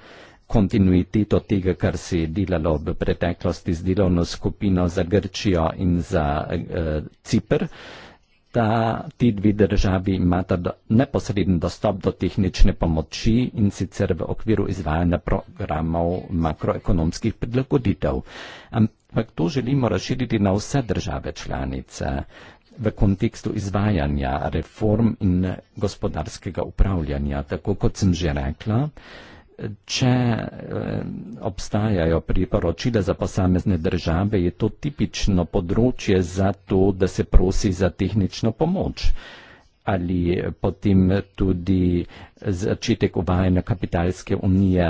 Speaker 3: kontinuiteto tega, kar se je delalo v preteklosti z delovno skupino za Grčijo in za eh, Cipr. Da ti dve državi imata do, neposreden dostop do tehnične pomoči in sicer v okviru izvajanja programov makroekonomskih prilagoditev. Am, ampak to želimo razširiti na vse države članice v kontekstu izvajanja reform in gospodarskega upravljanja. Tako kot sem že rekla, če eh, obstajajo priporočile za posamezne države, je to tipično področje za to, da se prosi za tehnično pomoč ali potem tudi začetek uvajanja kapitalske unije,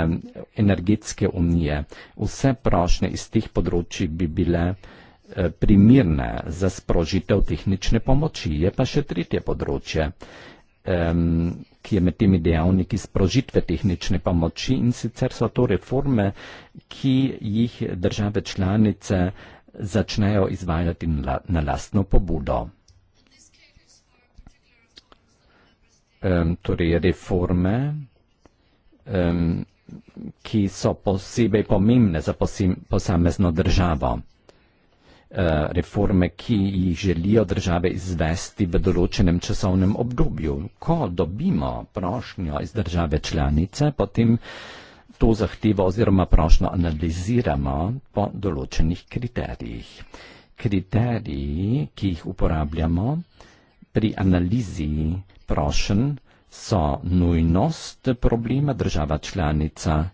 Speaker 3: energetske unije. Vse prošnje iz teh področji bi bile eh, primirne za sprožitev tehnične pomoči. Je pa še tretje področje, ki je med temi dejavniki sprožitve tehnične pomoči in sicer so to reforme, ki jih države članice začnejo izvajati na lastno pobudo. um, torej reforme, um, ki so posebej pomembne za posamezno državo. E, reforme, ki jih želijo države izvesti v določenem časovnem obdobju. Ko dobimo prošnjo iz države članice, potem to zahtevo oziroma prošnjo analiziramo po določenih kriterijih. Kriteriji, ki jih uporabljamo pri analizi prošen so nujnost problema država članica.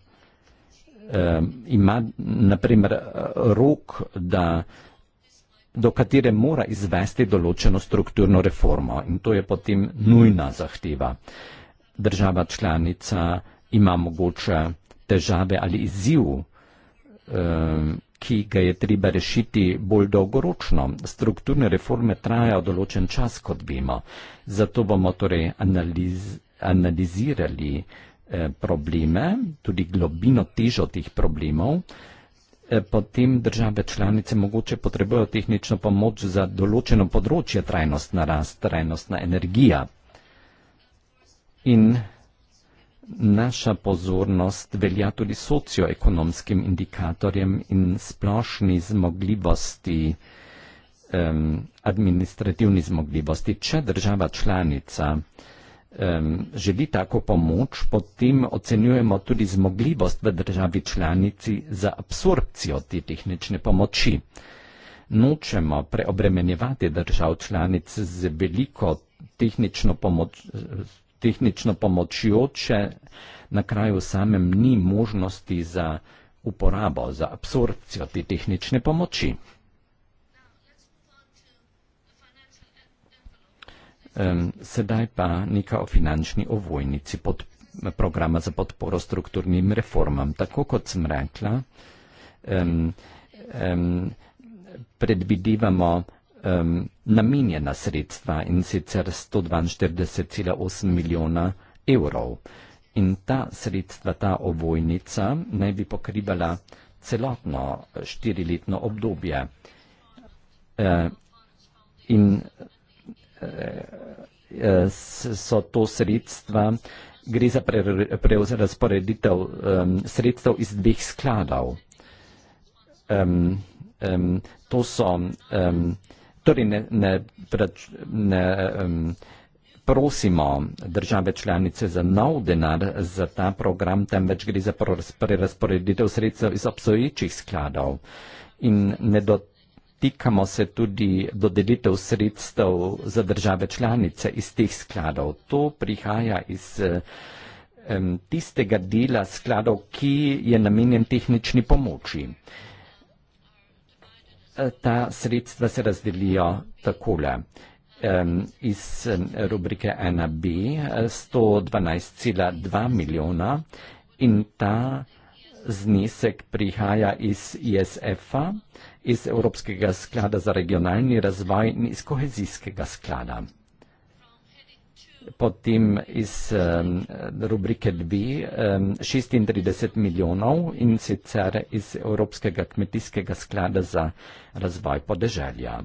Speaker 3: Ima naprimer rok, da do katere mora izvesti določeno strukturno reformo in to je potem nujna zahteva. Država članica ima mogoče težave ali izziv ki ga je treba rešiti bolj dolgoročno. Strukturne reforme trajajo določen čas, kot vemo. Zato bomo torej analiz, analizirali eh, probleme, tudi globino težo teh problemov. Eh, potem države članice mogoče potrebujejo tehnično pomoč za določeno področje trajnostna rast, trajnostna energija. In Naša pozornost velja tudi socioekonomskim indikatorjem in splošni zmogljivosti, um, administrativni zmogljivosti. Če država članica um, želi tako pomoč, potem ocenjujemo tudi zmogljivost v državi članici za absorpcijo te tehnične pomoči. Nočemo preobremenjevati držav članic z veliko tehnično pomočjo tehnično pomočjo, če na kraju samem ni možnosti za uporabo, za absorpcijo te tehnične pomoči. Sedaj pa nekaj o finančni ovojnici pod, programa za podporo strukturnim reformam. Tako kot sem rekla, um, um, predvidevamo um, namenjena sredstva in sicer 142,8 milijona evrov. In ta sredstva, ta ovojnica naj bi pokribala celotno štiriletno obdobje. E, in e, so to sredstva, gre za prerazporeditev pre, um, sredstev iz dveh skladov. Um, um, to so. Um, Torej, ne, ne, preč, ne um, prosimo države članice za nov denar za ta program, temveč gre za prerasporeditev sredstev iz obstoječih skladov. In ne dotikamo se tudi dodelitev sredstev za države članice iz teh skladov. To prihaja iz um, tistega dela skladov, ki je namenjen tehnični pomoči. Eh, ta sredstva se razdelijo takole. Iz rubrike 1B 112,2 eh, milijona in ta znesek prihaja iz ISF-a, iz Evropskega sklada za regionalni razvoj in iz kohezijskega sklada potem iz um, rubrike 2 um, 36 milijonov in sicer iz Evropskega kmetijskega sklada za razvoj podeželja.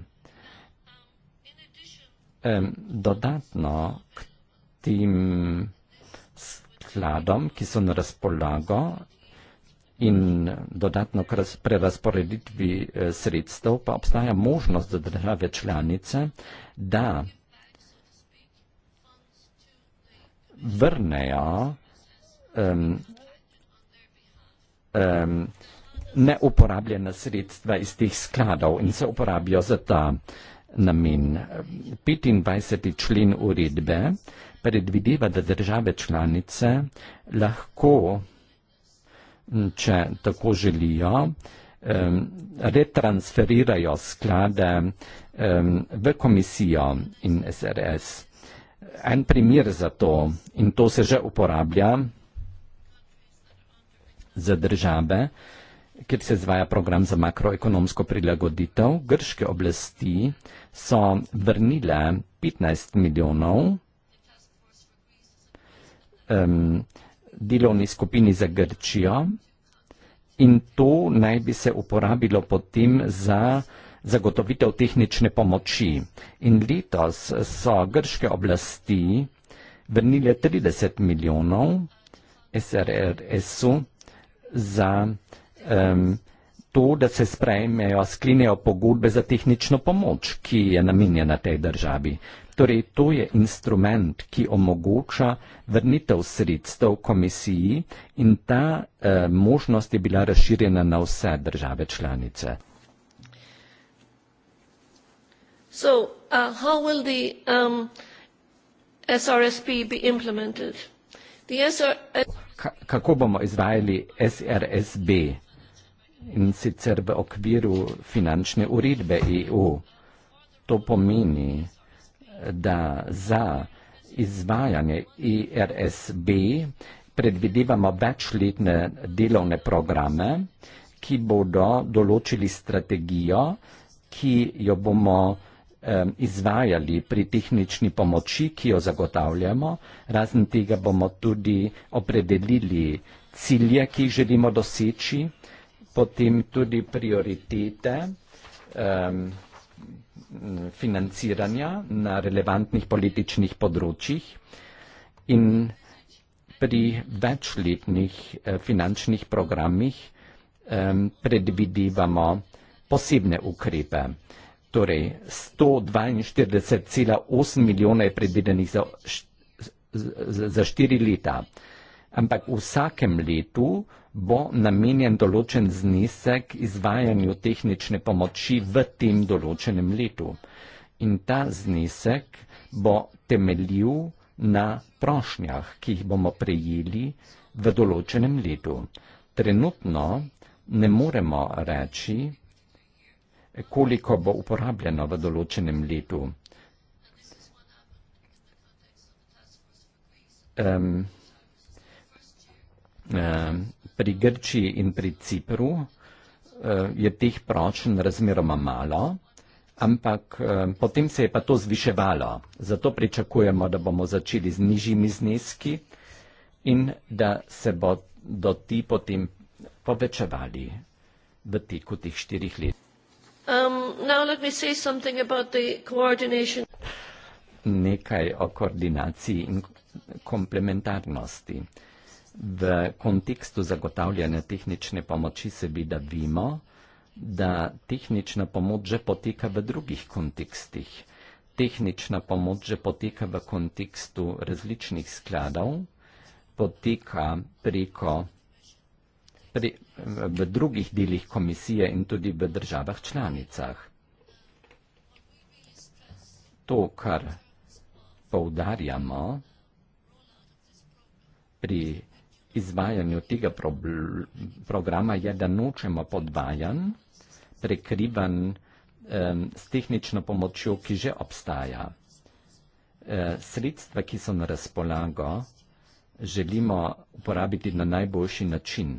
Speaker 3: Um, dodatno k tem skladom, ki so na razpolago in dodatno k prerasporeditvi eh, sredstev, pa obstaja možnost za države članice, da vrnejo, um, um, neuporabljena sredstva iz teh skladov in se uporabijo za ta namen. 25. člen uredbe predvideva, da države članice lahko, če tako želijo, um, retransferirajo sklade um, v komisijo in SRS. En primer za to, in to se že uporablja za države, kjer se izvaja program za makroekonomsko prilagoditev, grške oblasti so vrnile 15 milijonov um, delovni skupini za Grčijo in to naj bi se uporabilo potem za zagotovitev tehnične pomoči. In letos so grške oblasti vrnile 30 milijonov SRRS-u za um, to, da se sprejmejo, sklinejo pogodbe za tehnično pomoč, ki je namenjena tej državi. Torej, to je instrument, ki omogoča vrnitev sredstev komisiji in ta eh, možnost je bila razširjena na vse države članice.
Speaker 1: Uh, how will the um, SRSP be implemented? Kako
Speaker 3: bomo izvajali SRSB? In sicer v okviru finančne uredbe EU. To pomeni, da za izvajanje ERSB predvidevamo večletne delovne programe, ki bodo določili strategijo, ki jo bomo izvajali izvajali pri tehnični pomoči, ki jo zagotavljamo. Razen tega bomo tudi opredelili cilje, ki jih želimo doseči, potem tudi prioritete um, financiranja na relevantnih političnih področjih in pri večletnih eh, finančnih programih um, predvidivamo posebne ukrepe torej 142,8 milijona je predvidenih za, za štiri leta. Ampak v vsakem letu bo namenjen določen znesek izvajanju tehnične pomoči v tem določenem letu. In ta znesek bo temeljil na prošnjah, ki jih bomo prejeli v določenem letu. Trenutno ne moremo reči, koliko bo uporabljeno v določenem letu. Um, Pri Grčiji in pri Cipru eh, je teh pročen razmeroma malo, ampak potem se je pa to zviševalo. Zato pričakujemo, da bomo začeli z nižjimi zneski in da se bodo ti potem povečevali v teku teh štirih letih.
Speaker 1: Um, now let me say something about the coordination.
Speaker 3: Nekaj o koordinaciji in komplementarnosti. V kontekstu zagotavljanja tehnične pomoči seveda vimo, da tehnična pomoč že poteka v drugih kontekstih. Tehnična pomoč že poteka v kontekstu različnih skladov, poteka preko pri, v drugih delih komisije in tudi v državah članicah. To, kar poudarjamo pri izvajanju tega pro, programa, je, da nočemo podvajan, prekriban s tehnično pomočjo, ki že obstaja. E, sredstva, ki so na razpolago, želimo uporabiti na najboljši način.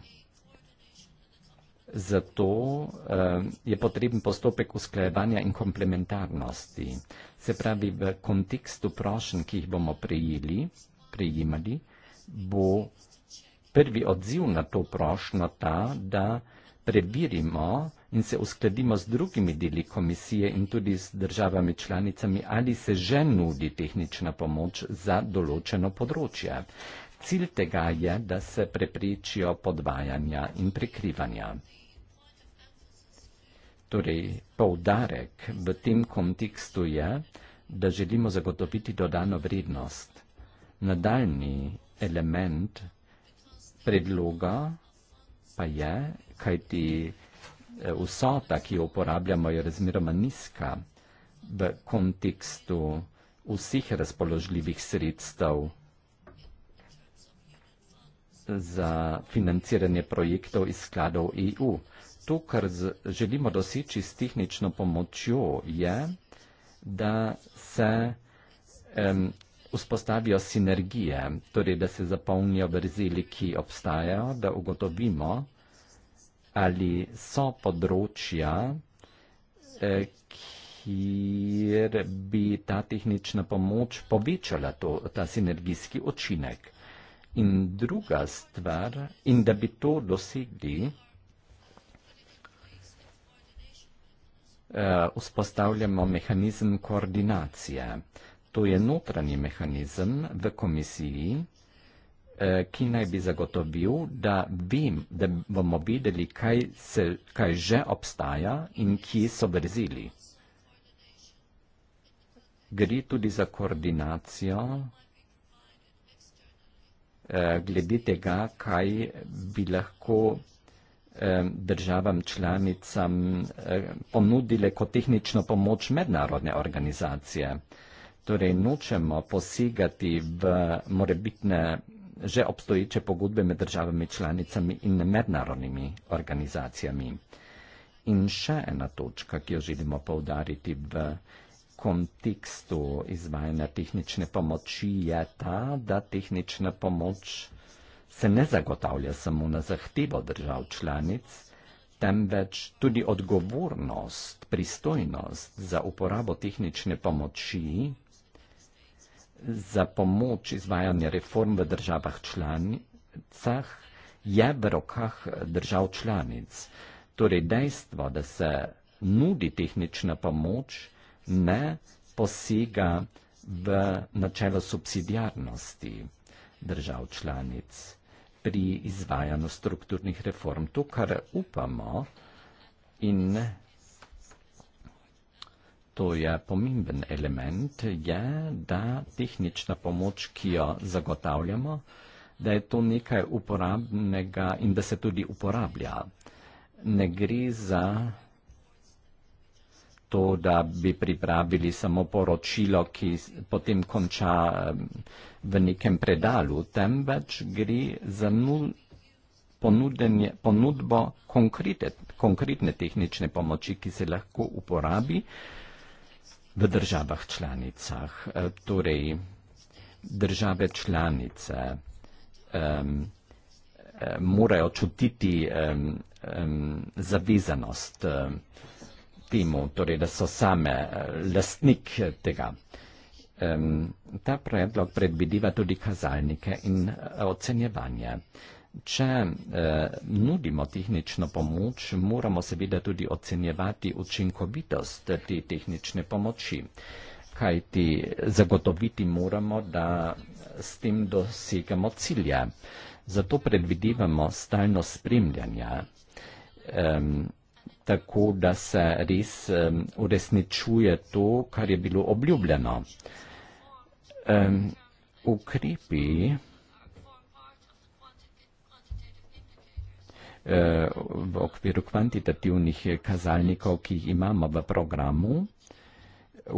Speaker 3: Zato eh, je potreben postopek usklajevanja in komplementarnosti. Se pravi, v kontekstu prošen, ki jih bomo prejeli, prejemali, bo prvi odziv na to prošno ta, da preverimo in se uskladimo z drugimi deli komisije in tudi z državami članicami, ali se že nudi tehnična pomoč za določeno področje. Cilj tega je, da se preprečijo podvajanja in prekrivanja. Torej, poudarek v tem kontekstu je, da želimo zagotoviti dodano vrednost. Nadaljni element predloga pa je, kaj ti eh, vsota, ki jo uporabljamo, je razmeroma nizka v kontekstu vseh razpoložljivih sredstev za financiranje projektov iz skladov EU to, kar z, želimo doseči s tehnično pomočjo, je, da se um, vzpostavijo sinergije, torej da se zapolnijo verzeli, ki obstajajo, da ugotovimo, ali so področja, eh, kjer bi ta tehnična pomoč povečala to, ta sinergijski učinek. In druga stvar, in da bi to dosegli, Eh, vzpostavljamo mehanizem koordinacije. To je notranji mehanizem v komisiji, eh, ki naj bi zagotovil, da, vem, da bomo videli, kaj, se, kaj že obstaja in kje so brzili. Gre tudi za koordinacijo eh, glede tega, kaj bi lahko državam članicam ponudile kot tehnično pomoč mednarodne organizacije. Torej, nočemo posegati v morebitne že obstoječe pogodbe med državami članicami in mednarodnimi organizacijami. In še ena točka, ki jo želimo poudariti v kontekstu izvajanja tehnične pomoči, je ta, da tehnična pomoč se ne zagotavlja samo na zahtevo držav članic, temveč tudi odgovornost, pristojnost za uporabo tehnične pomoči, za pomoč izvajanja reform v državah članicah, je v rokah držav članic. Torej dejstvo, da se nudi tehnična pomoč, ne posega v načelo subsidijarnosti držav članic pri izvajanju strukturnih reform. To, kar upamo in to je pomemben element, je, da tehnična pomoč, ki jo zagotavljamo, da je to nekaj uporabnega in da se tudi uporablja. Ne gre za to, da bi pripravili samo poročilo, ki potem konča v nekem predalu, temveč gre za nul ponudenje, ponudbo konkrete, konkretne tehnične pomoči, ki se lahko uporabi v državah članicah. E, torej, države članice um, morajo čutiti um, um, zavezanost um, temu, torej, da so same eh, lastnik eh, tega. Um, ta predlog predvideva tudi kazalnike in eh, ocenjevanje. Če uh, nudimo tehnično pomoč, moramo seveda tudi ocenjevati učinkovitost te tehnične pomoči, kajti zagotoviti moramo, da s tem dosegamo cilje. Zato predvidevamo stalno spremljanje. Um, tako da se res um, uresničuje to, kar je bilo obljubljeno. Um, ukrepi, e, v okviru kvantitativnih kazalnikov, ki jih imamo v programu,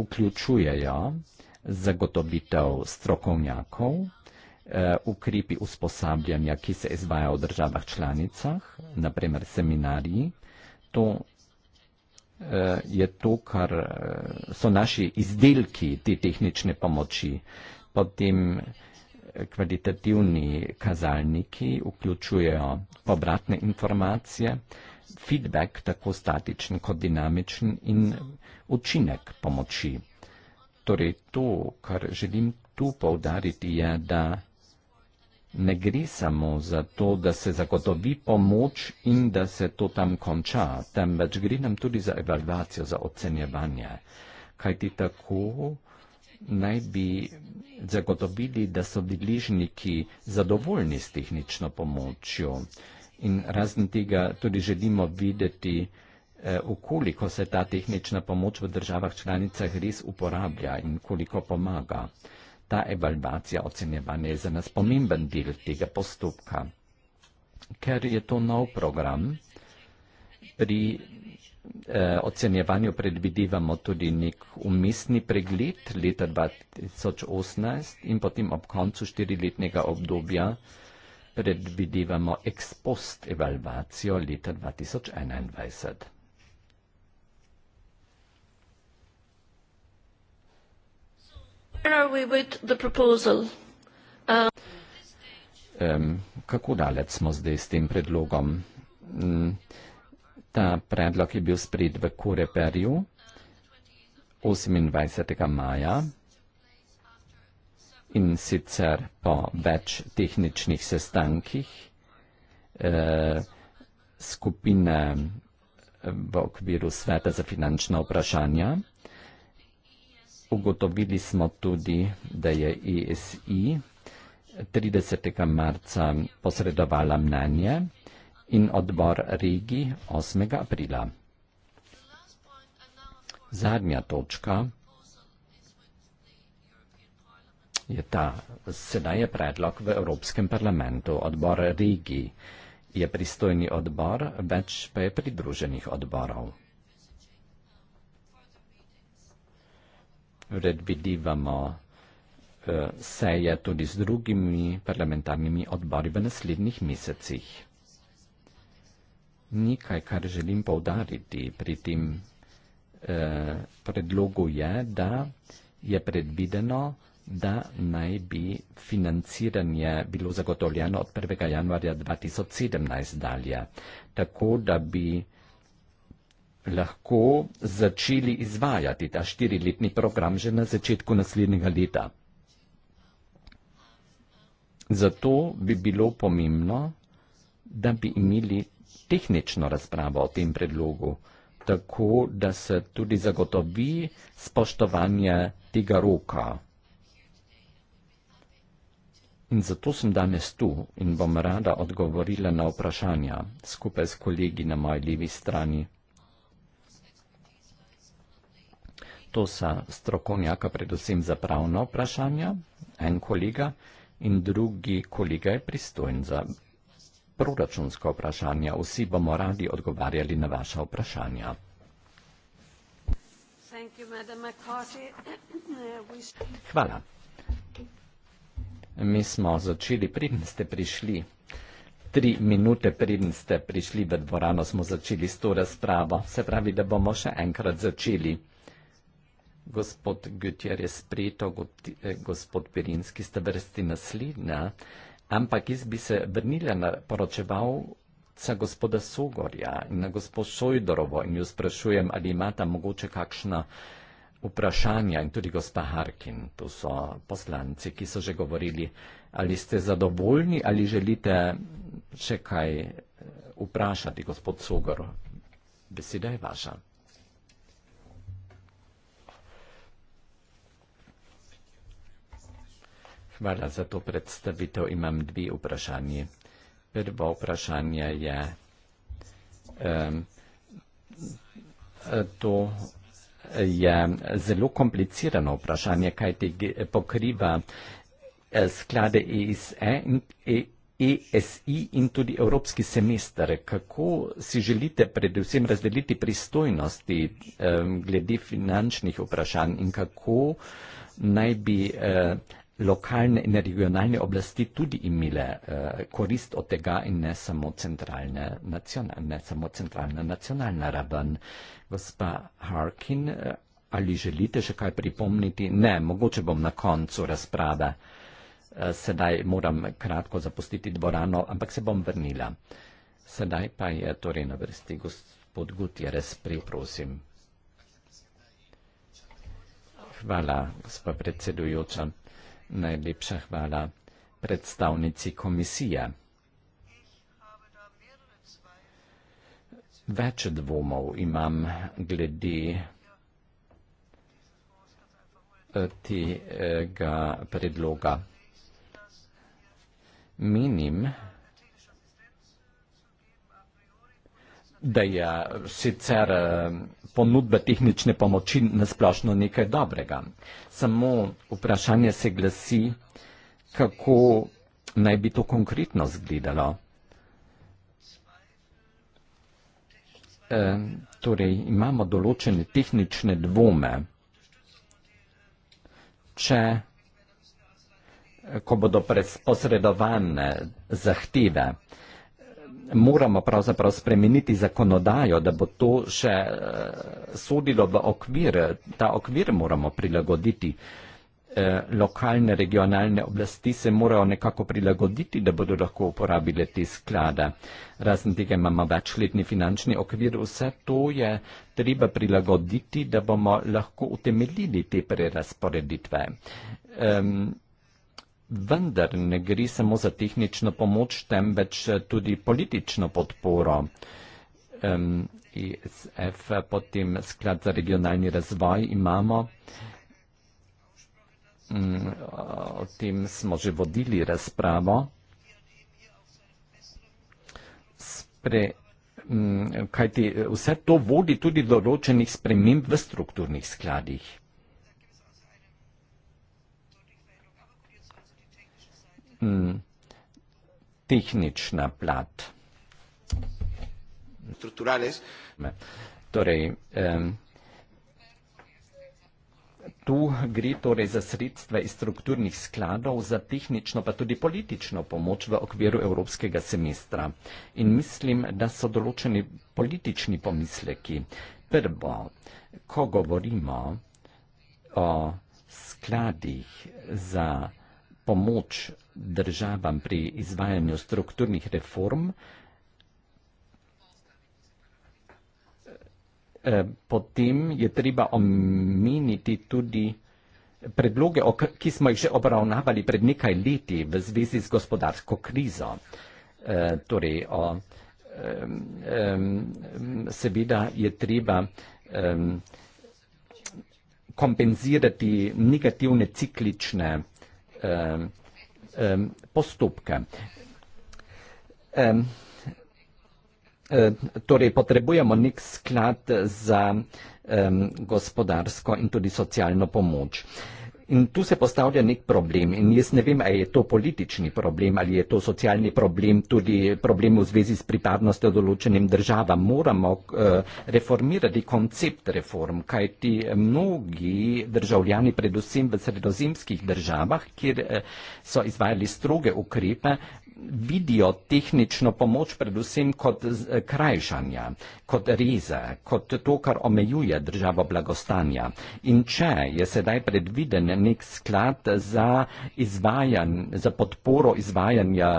Speaker 3: vključujejo zagotovitev strokovnjakov, e, ukrepi usposabljanja, ki se izvaja v državah članicah, naprimer seminariji, to eh, je to, kar eh, so naši izdelki te tehnične pomoči. Potem eh, kvalitativni kazalniki vključujejo povratne informacije, feedback, tako statičen kot dinamičen in učinek pomoči. Torej to, kar želim tu poudariti, je, da ne gre samo za to, da se zagotovi pomoč in da se to tam konča, temveč gre nam tudi za evalvacijo, za ocenjevanje. Kaj ti tako naj bi zagotovili, da so deležniki zadovoljni s tehnično pomočjo. In razen tega tudi želimo videti, ukoliko eh, se ta tehnična pomoč v državah članicah res uporablja in koliko pomaga. Eh, ta evalvacija ocenjevanja je za nas pomemben del tega postopka, ker je to nov program. Pri eh, ocenjevanju predvidevamo tudi nek umestni pregled leta 2018 in potem ob koncu štiriletnega obdobja predvidevamo ex post evalvacijo leta 2021.
Speaker 1: Where are we with the proposal?
Speaker 3: Um, kako dalec smo zdaj s tem predlogom? Um, ta predlog je bil sprejet v Kureperju 28. maja in sicer po več tehničnih sestankih uh, skupine v okviru Sveta za finančna vprašanja. Ugotovili smo tudi, da je e ESI 30. marca posredovala mnenje in odbor Rigi 8. aprila. Zadnja točka je ta. Sedaj je predlog v Evropskem parlamentu. Odbor Rigi je pristojni odbor, več pa je pridruženih odborov. predvidivamo eh, seje tudi z drugimi parlamentarnimi odbori v naslednjih mesecih. Nekaj, kar želim povdariti pri tem eh, predlogu, je, da je predvideno, da naj bi financiranje bilo zagotovljeno od 1. januarja 2017 dalje, tako da bi eh, lahko začeli izvajati ta štiriletni program že na začetku naslednjega leta. Zato bi bilo pomembno, da bi imeli tehnično razpravo o tem predlogu, tako da se tudi zagotovi spoštovanje tega roka. In zato sem danes tu in bom rada odgovorila na vprašanja skupaj s kolegi na moji levi strani. to sta strokovnjaka predvsem za pravno vprašanje, en kolega in drugi kolega je pristojen za proračunsko vprašanje. Vsi bomo radi odgovarjali na vaša vprašanja. Hvala. Mi smo začeli, preden ste prišli, tri minute preden ste prišli v dvorano, smo začeli s to razpravo. Se pravi, da bomo še enkrat začeli. Gospod Götjer je spreto, eh, gospod Pirinski ste vrsti naslednja, ampak jaz bi se vrnila na poročevalca gospoda Sogorja in na gospod Šojdorovo in jo sprašujem, ali imata mogoče kakšna vprašanja in tudi gospa Harkin, tu so poslanci, ki so že govorili, ali ste zadovoljni ali želite še kaj eh, vprašati, gospod Sogor. Beseda je vaša. Hvala za to predstavitev. Imam dve vprašanje. Prvo vprašanje je um, to je zelo komplicirano vprašanje, kaj ti pokriva eh, sklade ESE e in e ESI in tudi Evropski semester. Kako si želite predvsem razdeliti pristojnosti um, glede finančnih vprašanj in kako naj bi uh, lokalne in regionalne oblasti tudi imele uh, korist od tega in ne samo centralna, nacional, ne samo centralna nacionalna raven. Gospa Harkin, eh, ali želite še kaj pripomniti? Ne, mogoče bom na koncu razprave. Eh, sedaj moram kratko zapustiti dvorano, ampak se bom vrnila. Sedaj pa je torej na vrsti gospod Gutjeres, priprosim. Hvala, gospod predsedujoča. Najlepša hvala predstavnici komisije. Več dvomov imam glede tega predloga. Menim, da je sicer ponudbe tehnične pomoči na splošno nekaj dobrega. Samo vprašanje se glasi, kako naj bi to konkretno zgledalo. E, torej, imamo določene tehnične dvome. Če, e, ko bodo posredovane zahteve, moramo pravzaprav spremeniti zakonodajo, da bo to še eh, sodilo v okvir. Ta okvir moramo prilagoditi. Eh, lokalne, regionalne oblasti se morajo nekako prilagoditi, da bodo lahko uporabile te sklada. Razen tega imamo večletni finančni okvir. Vse to je treba prilagoditi, da bomo lahko utemeljili te prerasporeditve vendar ne gre samo za tehnično pomoč, temveč eh, tudi politično podporo. Um, ISF, e potem sklad za regionalni razvoj imamo. Um, o tem smo že vodili razpravo. Spre, um, kajti eh, vse to vodi tudi določenih sprememb v strukturnih skladih. m, mm, tehnična plat. Strukturales. Torej, em, tu gre torej za sredstva iz strukturnih skladov za tehnično pa tudi politično pomoč v okviru evropskega semestra. In mislim, da so določeni politični pomisleki. Prvo, ko govorimo o skladih za pomoč državam pri izvajanju strukturnih reform eh, potem je treba omeniti tudi predloge, ki smo jih že obravnavali pred nekaj leti v zvezi z gospodarsko krizo. Eh, torej, seveda je treba kompenzirati negativne ciklične krize, postopke. E, torej, potrebujemo nek sklad za gospodarsko in tudi socialno pomoč. In tu se postavlja nek problem. In jaz ne vem, ali je to politični problem, ali je to socialni problem, tudi problem v zvezi s pripadnostjo določenim državam. Moramo uh, reformirati koncept reform, kajti mnogi državljani, predvsem v sredozemskih državah, kjer uh, so izvajali stroge ukrepe, uh, vidijo tehnično pomoč predvsem kot eh, krajšanja, kot reze, kot to, kar omejuje državo blagostanja. In če je sedaj predviden nek sklad za, izvajan, za podporo izvajanja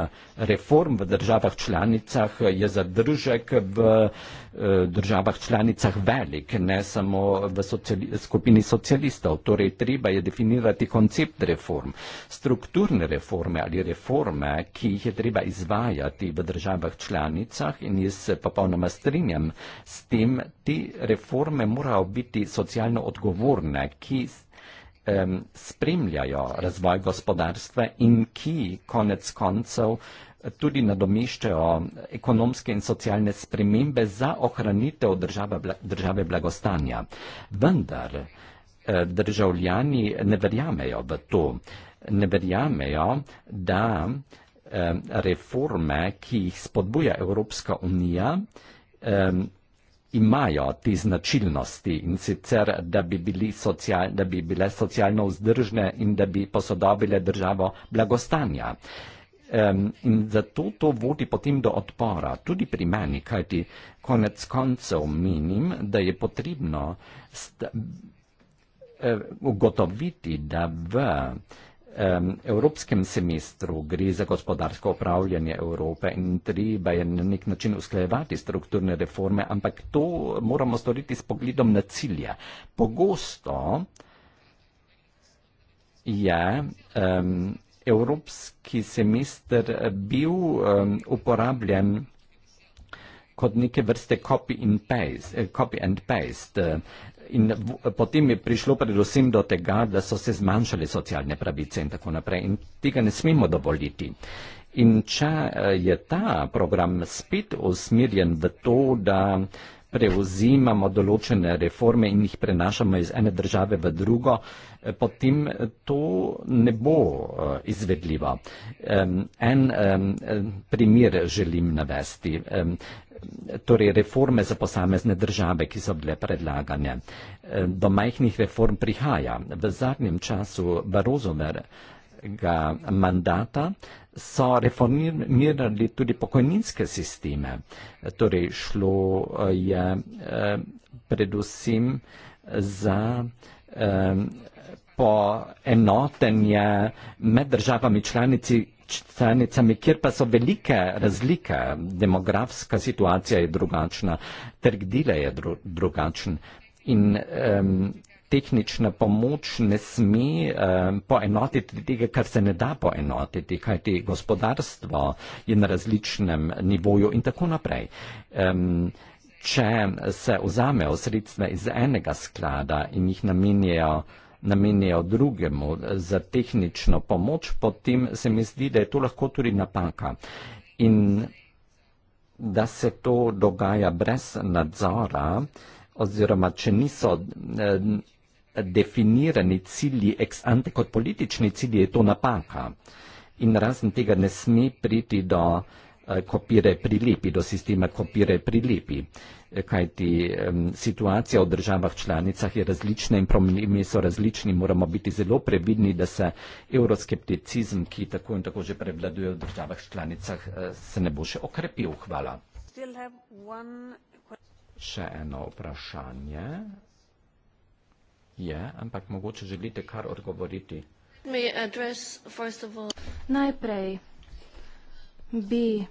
Speaker 3: reform v državah članicah, je zadržek v uh, Eh, državah članicah velik, ne samo v sociali, skupini socialistov. Torej, treba je definirati koncept reform, strukturne reforme ali reforme, ki jih je treba izvajati v državah članicah in jaz se popolnoma strinjam s tem, te reforme morajo biti socialno odgovorne, ki um, spremljajo razvoj gospodarstva in ki konec koncev tudi nadomeščajo ekonomske in socialne spremembe za ohranitev države, države blagostanja. Vendar eh, državljani ne verjamejo v to. Ne verjamejo, da eh, reforme, ki jih spodbuja Evropska unija, eh, imajo te značilnosti in sicer, da bi, bili social, da bi bile socialno vzdržne in da bi posodobile državo blagostanja. In zato to vodi potem do odpora, tudi pri meni, kajti konec koncev menim, da je potrebno ugotoviti, da v Evropskem semestru gre za gospodarsko upravljanje Evrope in treba je na nek način usklejevati strukturne reforme, ampak to moramo storiti s pogledom na cilje. Pogosto je evropski semester bil um, uporabljen kot neke vrste copy and paste. Eh, copy and paste. In v, potem je prišlo predvsem do tega, da so se zmanjšale socialne pravice in tako naprej. In tega ne smemo dovoliti. In če eh, je ta program spet usmerjen v to, da preuzimamo določene reforme in jih prenašamo iz ene države v drugo, potem to ne bo eh, izvedljivo. En primer želim navesti. Torej, reforme za posamezne države, ki so bile predlagane. Do majhnih reform prihaja. V zadnjem času Barozovega mandata so reformirali tudi pokojninske sisteme. Torej, šlo eh, je eh, predvsem za poenotenje med državami članici, članicami, kjer pa so velike razlike, demografska situacija je drugačna, trg dela je dru, drugačen in um, tehnična pomoč ne sme um, poenotiti tega, kar se ne da poenotiti, kajti gospodarstvo je na različnem nivoju in tako naprej. Um, če se vzamejo sredstva iz enega sklada in jih namenjajo namenjajo drugemu za tehnično pomoč, potem se mi zdi, da je to lahko tudi napaka. In da se to dogaja brez nadzora, oziroma če niso eh, definirani cilji ex ante kot politični cilji, je to napaka. In razen tega ne sme priti do Eh, kopira in prilipi, do sistema kopira in prilipi. Eh, kajti situacija v državah članicah je različna in problemi so različni, moramo biti zelo previdni, da se euroskepticizem, ki tako in tako že prevladuje v državah članicah, eh, se ne bo še okrepil. Hvala. Še eno vprašanje je, ampak mogoče želite kar odgovoriti.
Speaker 1: Najprej bi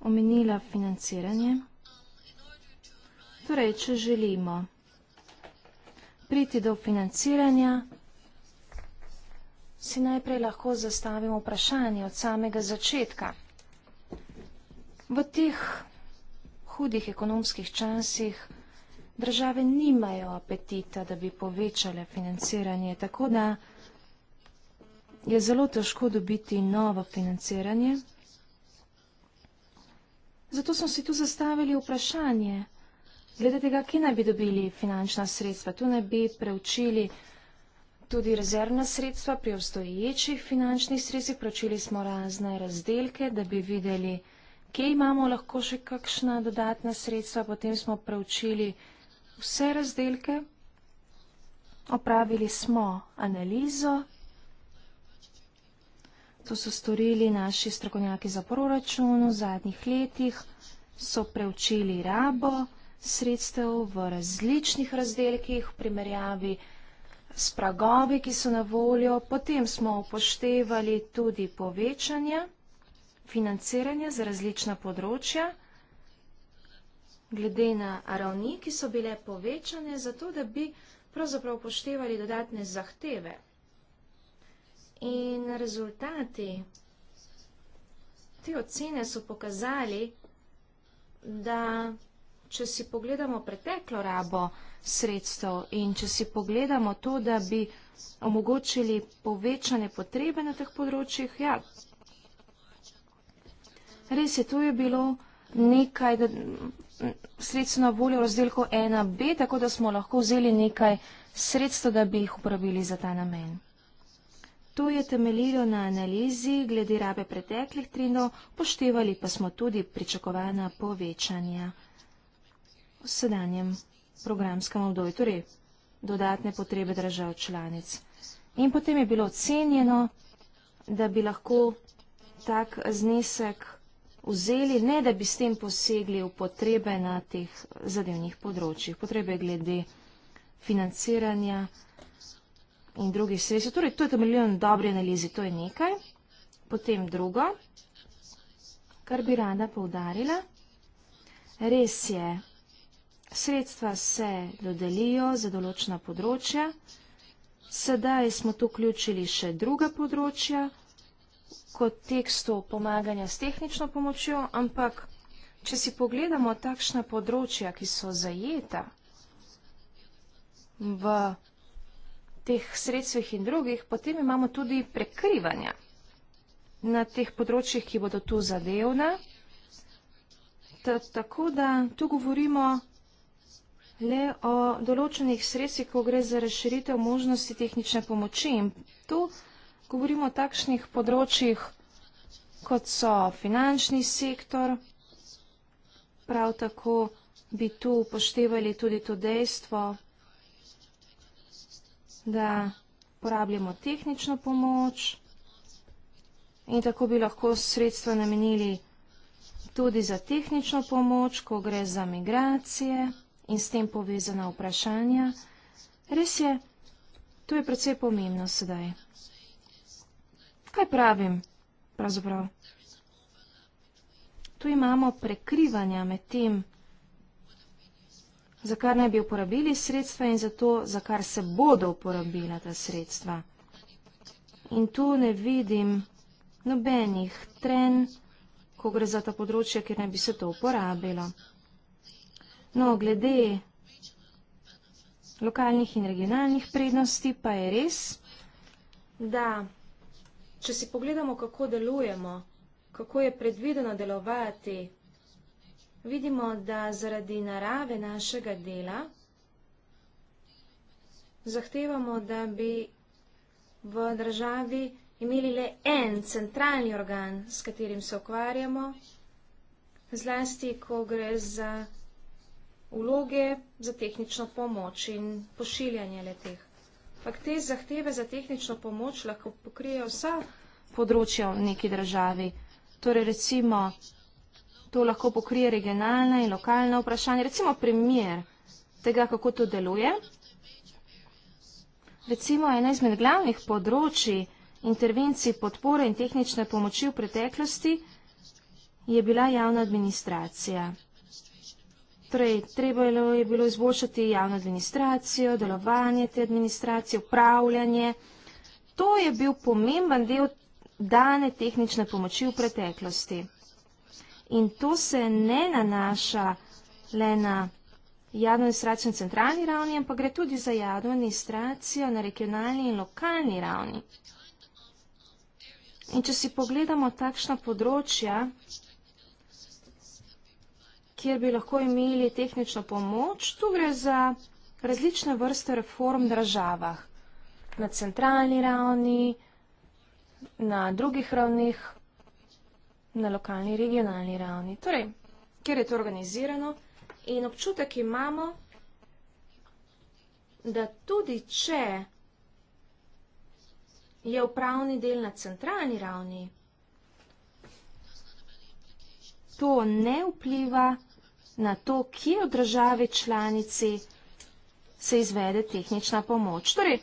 Speaker 1: omenila financiranje. Torej, če želimo priti do financiranja, si najprej lahko zastavimo vprašanje od samega začetka. V teh hudih ekonomskih časih države nimajo apetita, da bi povečale financiranje, tako da je zelo težko dobiti novo financiranje. Zato smo si tu zastavili vprašanje. Glede tega, kje naj bi dobili finančna sredstva, tu naj bi preučili tudi rezervna sredstva pri obstoječih finančnih sredstvih, preučili smo razne razdelke, da bi videli, kje imamo lahko še kakšna dodatna sredstva, potem smo preučili vse razdelke, opravili smo analizo To so storili naši strokovnjaki za proračun v zadnjih letih, so preučili rabo sredstev v različnih razdelkih v primerjavi s pragovi, ki so na voljo. Potem smo upoštevali tudi povečanje financiranja za različna področja, glede na ravni, ki so bile povečane, zato da bi pravzaprav upoštevali dodatne zahteve In rezultati te ocene so pokazali, da če si pogledamo preteklo rabo sredstev in če si pogledamo to, da bi omogočili povečane potrebe na teh področjih, ja, res je, to je bilo nekaj sredstva na voljo v razdelku 1b, tako da smo lahko vzeli nekaj sredstva, da bi jih uporabili za ta namen. To je temeljilo na analizi glede rabe preteklih trendov, poštevali pa smo tudi pričakovana povečanja v sedanjem programskem obdobju, torej dodatne potrebe držav članic. In potem je bilo ocenjeno, da bi lahko tak znesek vzeli, ne da bi s tem posegli v potrebe na teh zadevnih področjih, potrebe glede financiranja, in drugi sredstvi. Torej, to je temeljeno na dobri analizi, to je nekaj. Potem drugo, kar bi rada poudarila. Res je, sredstva se dodelijo za določena področja. Sedaj smo tu vključili še druga področja, kot tekstu pomaganja s tehnično pomočjo, ampak če si pogledamo takšna področja, ki so zajeta v teh sredstvih in drugih, potem imamo tudi prekrivanja na teh področjih, ki bodo tu zadevna. T tako da tu govorimo le o določenih sredstvih, ko gre za razširitev možnosti tehnične pomoči. In tu govorimo o takšnih področjih, kot so finančni sektor, prav tako bi tu upoštevali tudi to dejstvo, da porabljamo tehnično pomoč in tako bi lahko sredstva namenili tudi za tehnično pomoč, ko gre za migracije in s tem povezana vprašanja. Res je, to je predvsej pomembno sedaj. Kaj pravim pravzaprav? Tu imamo prekrivanja med tem, za kar naj bi uporabili sredstva in za to, za kar se bodo uporabila ta sredstva. In tu ne vidim nobenih tren, ko gre za ta področja, kjer naj bi se to uporabilo. No, glede lokalnih in regionalnih prednosti pa je res, da če si pogledamo, kako delujemo, kako je predvideno delovati vidimo, da zaradi narave našega dela zahtevamo, da bi v državi imeli le en centralni organ, s katerim se ukvarjamo, zlasti, ko gre za vloge za tehnično pomoč in pošiljanje letih. Pak te zahteve za tehnično pomoč lahko pokrijejo vsa področja v neki državi. Torej recimo To lahko pokrije regionalna in lokalna vprašanja. Recimo primer tega, kako to deluje. Recimo ena izmed glavnih področji intervencij podpore in tehnične pomoči v preteklosti je bila javna administracija. Torej, treba je bilo izboljšati javno administracijo, delovanje te administracije, upravljanje. To je bil pomemben del dane tehnične pomoči v preteklosti. In to se ne nanaša le na jadministracijo na centralni ravni, ampak gre tudi za jadministracijo na regionalni in lokalni ravni. In če si pogledamo takšna področja, kjer bi lahko imeli tehnično pomoč, tu gre za različne vrste reform v državah. Na centralni ravni, na drugih ravnih na lokalni, regionalni ravni. Torej, kjer je to organizirano in občutek imamo, da tudi če je upravni del na centralni ravni, to ne vpliva na to, kje v državi članici se izvede tehnična pomoč. Torej,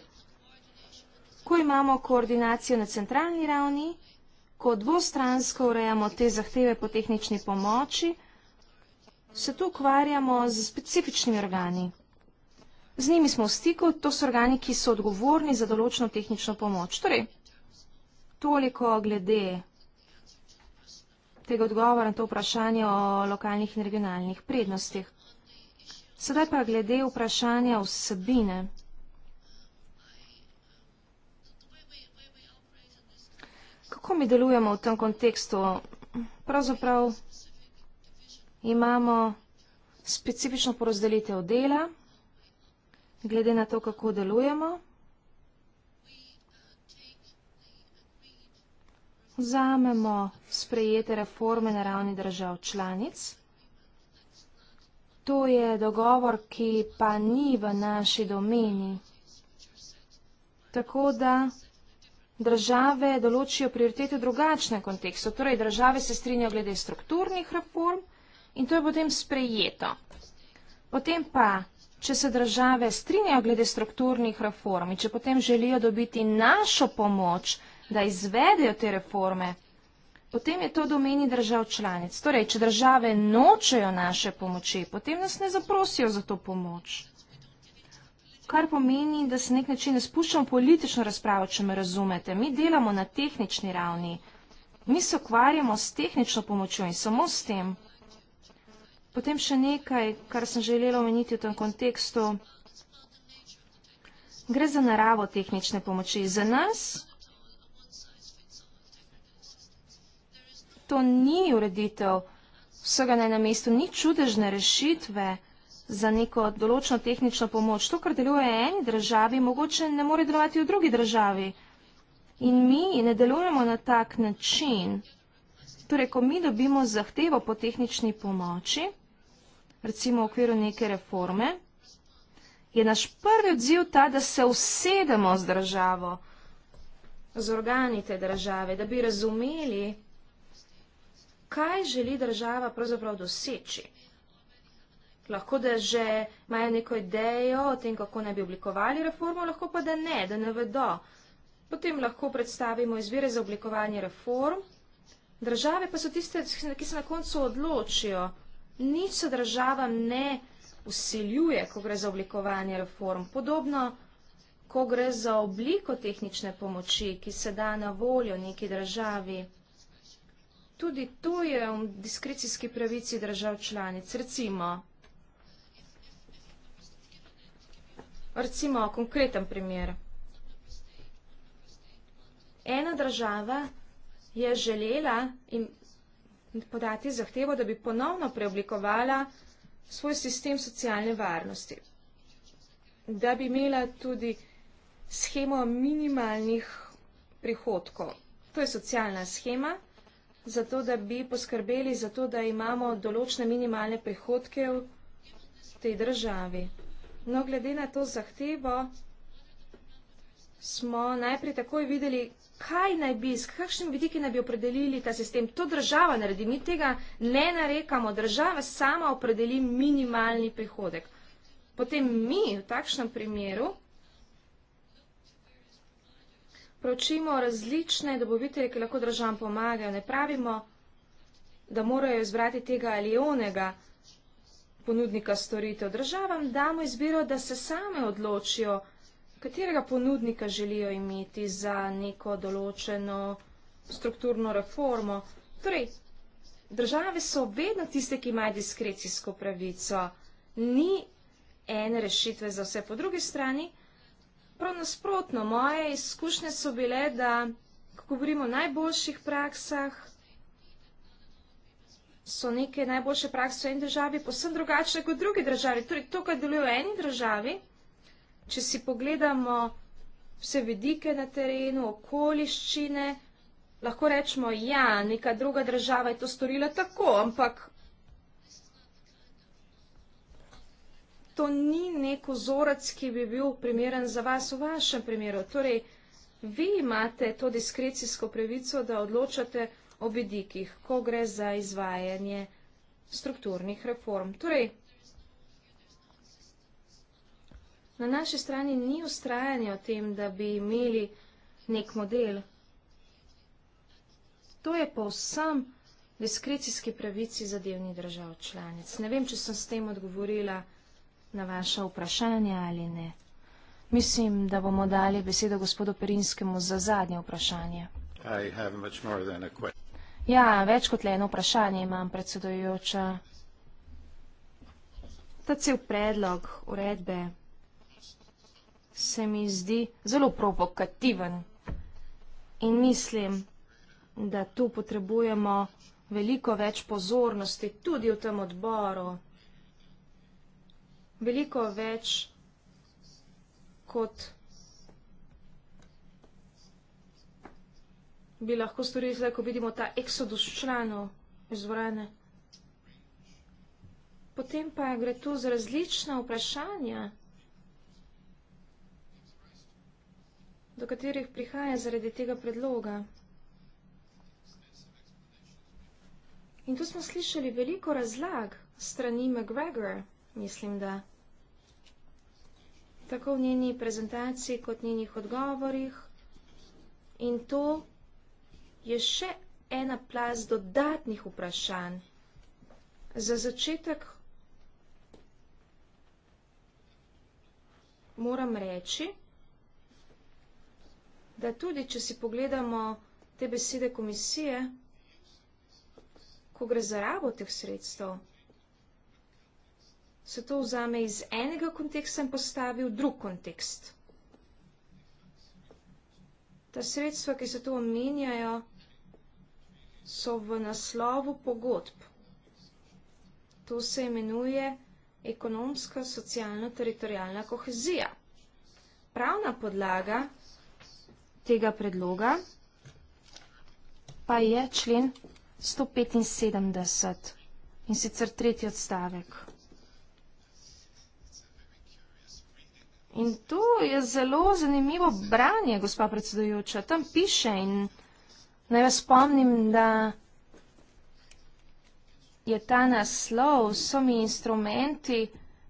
Speaker 1: ko imamo koordinacijo na centralni ravni, ko dvostransko urejamo te zahteve po tehnični pomoči, se tu ukvarjamo z specifičnimi organi. Z njimi smo v stiku, to so organi, ki so odgovorni za določeno tehnično pomoč. Torej, toliko glede tega odgovora na to vprašanje o lokalnih in regionalnih prednostih. Sedaj pa glede vprašanja vsebine. kako mi delujemo v tem kontekstu? Pravzaprav imamo specifično porozdelitev dela, glede na to, kako delujemo. Vzamemo sprejete reforme na ravni držav članic. To je dogovor, ki pa ni v naši domeni. Tako da države določijo prioritete v drugačnem kontekstu. Torej, države se strinjajo glede strukturnih reform in to je potem sprejeto. Potem pa, če se države strinjajo glede strukturnih reform in če potem želijo dobiti našo pomoč, da izvedejo te reforme, potem je to domeni držav članic. Torej, če države nočejo naše pomoči, potem nas ne zaprosijo za to pomoč kar pomeni, da se nek način ne spuščamo v politično razpravo, če me razumete. Mi delamo na tehnični ravni. Mi se ukvarjamo s tehnično pomočjo in samo s tem. Potem še nekaj, kar sem želela omeniti v tem kontekstu. Gre za naravo tehnične pomoči. Za nas to ni ureditev vsega na enem mestu, ni čudežne rešitve za neko določeno tehnično pomoč. To, kar deluje v eni državi, mogoče ne more delovati v drugi državi. In mi ne delujemo na tak način. Torej, ko mi dobimo zahtevo po tehnični pomoči, recimo v okviru neke reforme, je naš prvi odziv ta, da se usedemo z državo, z organi te države, da bi razumeli, kaj želi država pravzaprav doseči. Lahko da že imajo neko idejo o tem, kako naj bi oblikovali reformo, lahko pa da ne, da ne vedo. Potem lahko predstavimo izvire za oblikovanje reform. Države pa so tiste, ki se na koncu odločijo. Nič se država ne usiljuje, ko gre za oblikovanje reform. Podobno, ko gre za obliko tehnične pomoči, ki se da na voljo neki državi. Tudi to je v diskricijski pravici držav članic. Recimo, Recimo, konkreten primer. Ena država je želela podati zahtevo, da bi ponovno preoblikovala svoj sistem socialne varnosti, da bi imela tudi schemo minimalnih prihodkov. To je socialna schema, zato da bi poskrbeli za to, da imamo določne minimalne prihodke v tej državi. No, glede na to zahtevo smo najprej takoj videli, kaj naj bi, s kakšnim vidiki naj bi opredelili ta sistem. To država naredi, mi tega ne narekamo, država sama opredeli minimalni prihodek. Potem mi v takšnem primeru pročimo različne dobovitelje, ki lahko državam pomagajo. Ne pravimo, da morajo izbrati tega ali onega ponudnika storitev. Državam damo izbiro, da se same odločijo, katerega ponudnika želijo imeti za neko določeno strukturno reformo. Torej, države so vedno tiste, ki imajo diskrecijsko pravico. Ni ene rešitve za vse. Po drugi strani, prav nasprotno, moje izkušnje so bile, da, ko govorimo o najboljših praksah, so neke najboljše prakse v eni državi posem drugačne kot v drugi državi. Torej, to, kar deluje v eni državi, če si pogledamo vse vidike na terenu, okoliščine, lahko rečemo, ja, neka druga država je to storila tako, ampak to ni nek ozorec, ki bi bil primeren za vas v vašem primeru. Torej, vi imate to diskrecijsko pravico, da odločate vse, o vidikih, ko gre za izvajanje strukturnih reform. Torej, na naši strani ni ustrajanje o tem, da bi imeli nek model. To je pa vsem diskricijski pravici zadevni držav članic. Ne vem, če sem s tem odgovorila na vaše vprašanje ali ne. Mislim, da bomo dali besedo gospodu Perinskemu za zadnje vprašanje.
Speaker 3: I have much more than a question.
Speaker 1: Ja, več kot le eno vprašanje imam, predsedujoča. Ta cel predlog uredbe se mi zdi zelo provokativen in mislim, da tu potrebujemo veliko več pozornosti tudi v tem odboru. Veliko več kot bi lahko storili, zdaj, ko vidimo ta eksodus članov izvorene. Potem pa gre tu za različna vprašanja, do katerih prihaja zaradi tega predloga. In tu smo slišali veliko razlag strani McGregor, mislim da. Tako v njeni prezentaciji, kot v njenih odgovorih. In to je še ena plaz dodatnih vprašanj. Za začetek moram reči, da tudi, če si pogledamo te besede komisije, ko gre za rabo teh sredstev, se to vzame iz enega konteksta in postavi v drug kontekst. Ta sredstva, ki se tu omenjajo, so v naslovu pogodb. To se imenuje ekonomska, socialna, teritorijalna kohezija. Pravna podlaga tega predloga pa je člen 175 in sicer tretji odstavek. In to je zelo zanimivo branje, gospa predsedujoča. Tam piše in Naj vas spomnim, da je ta naslov s vsemi instrumenti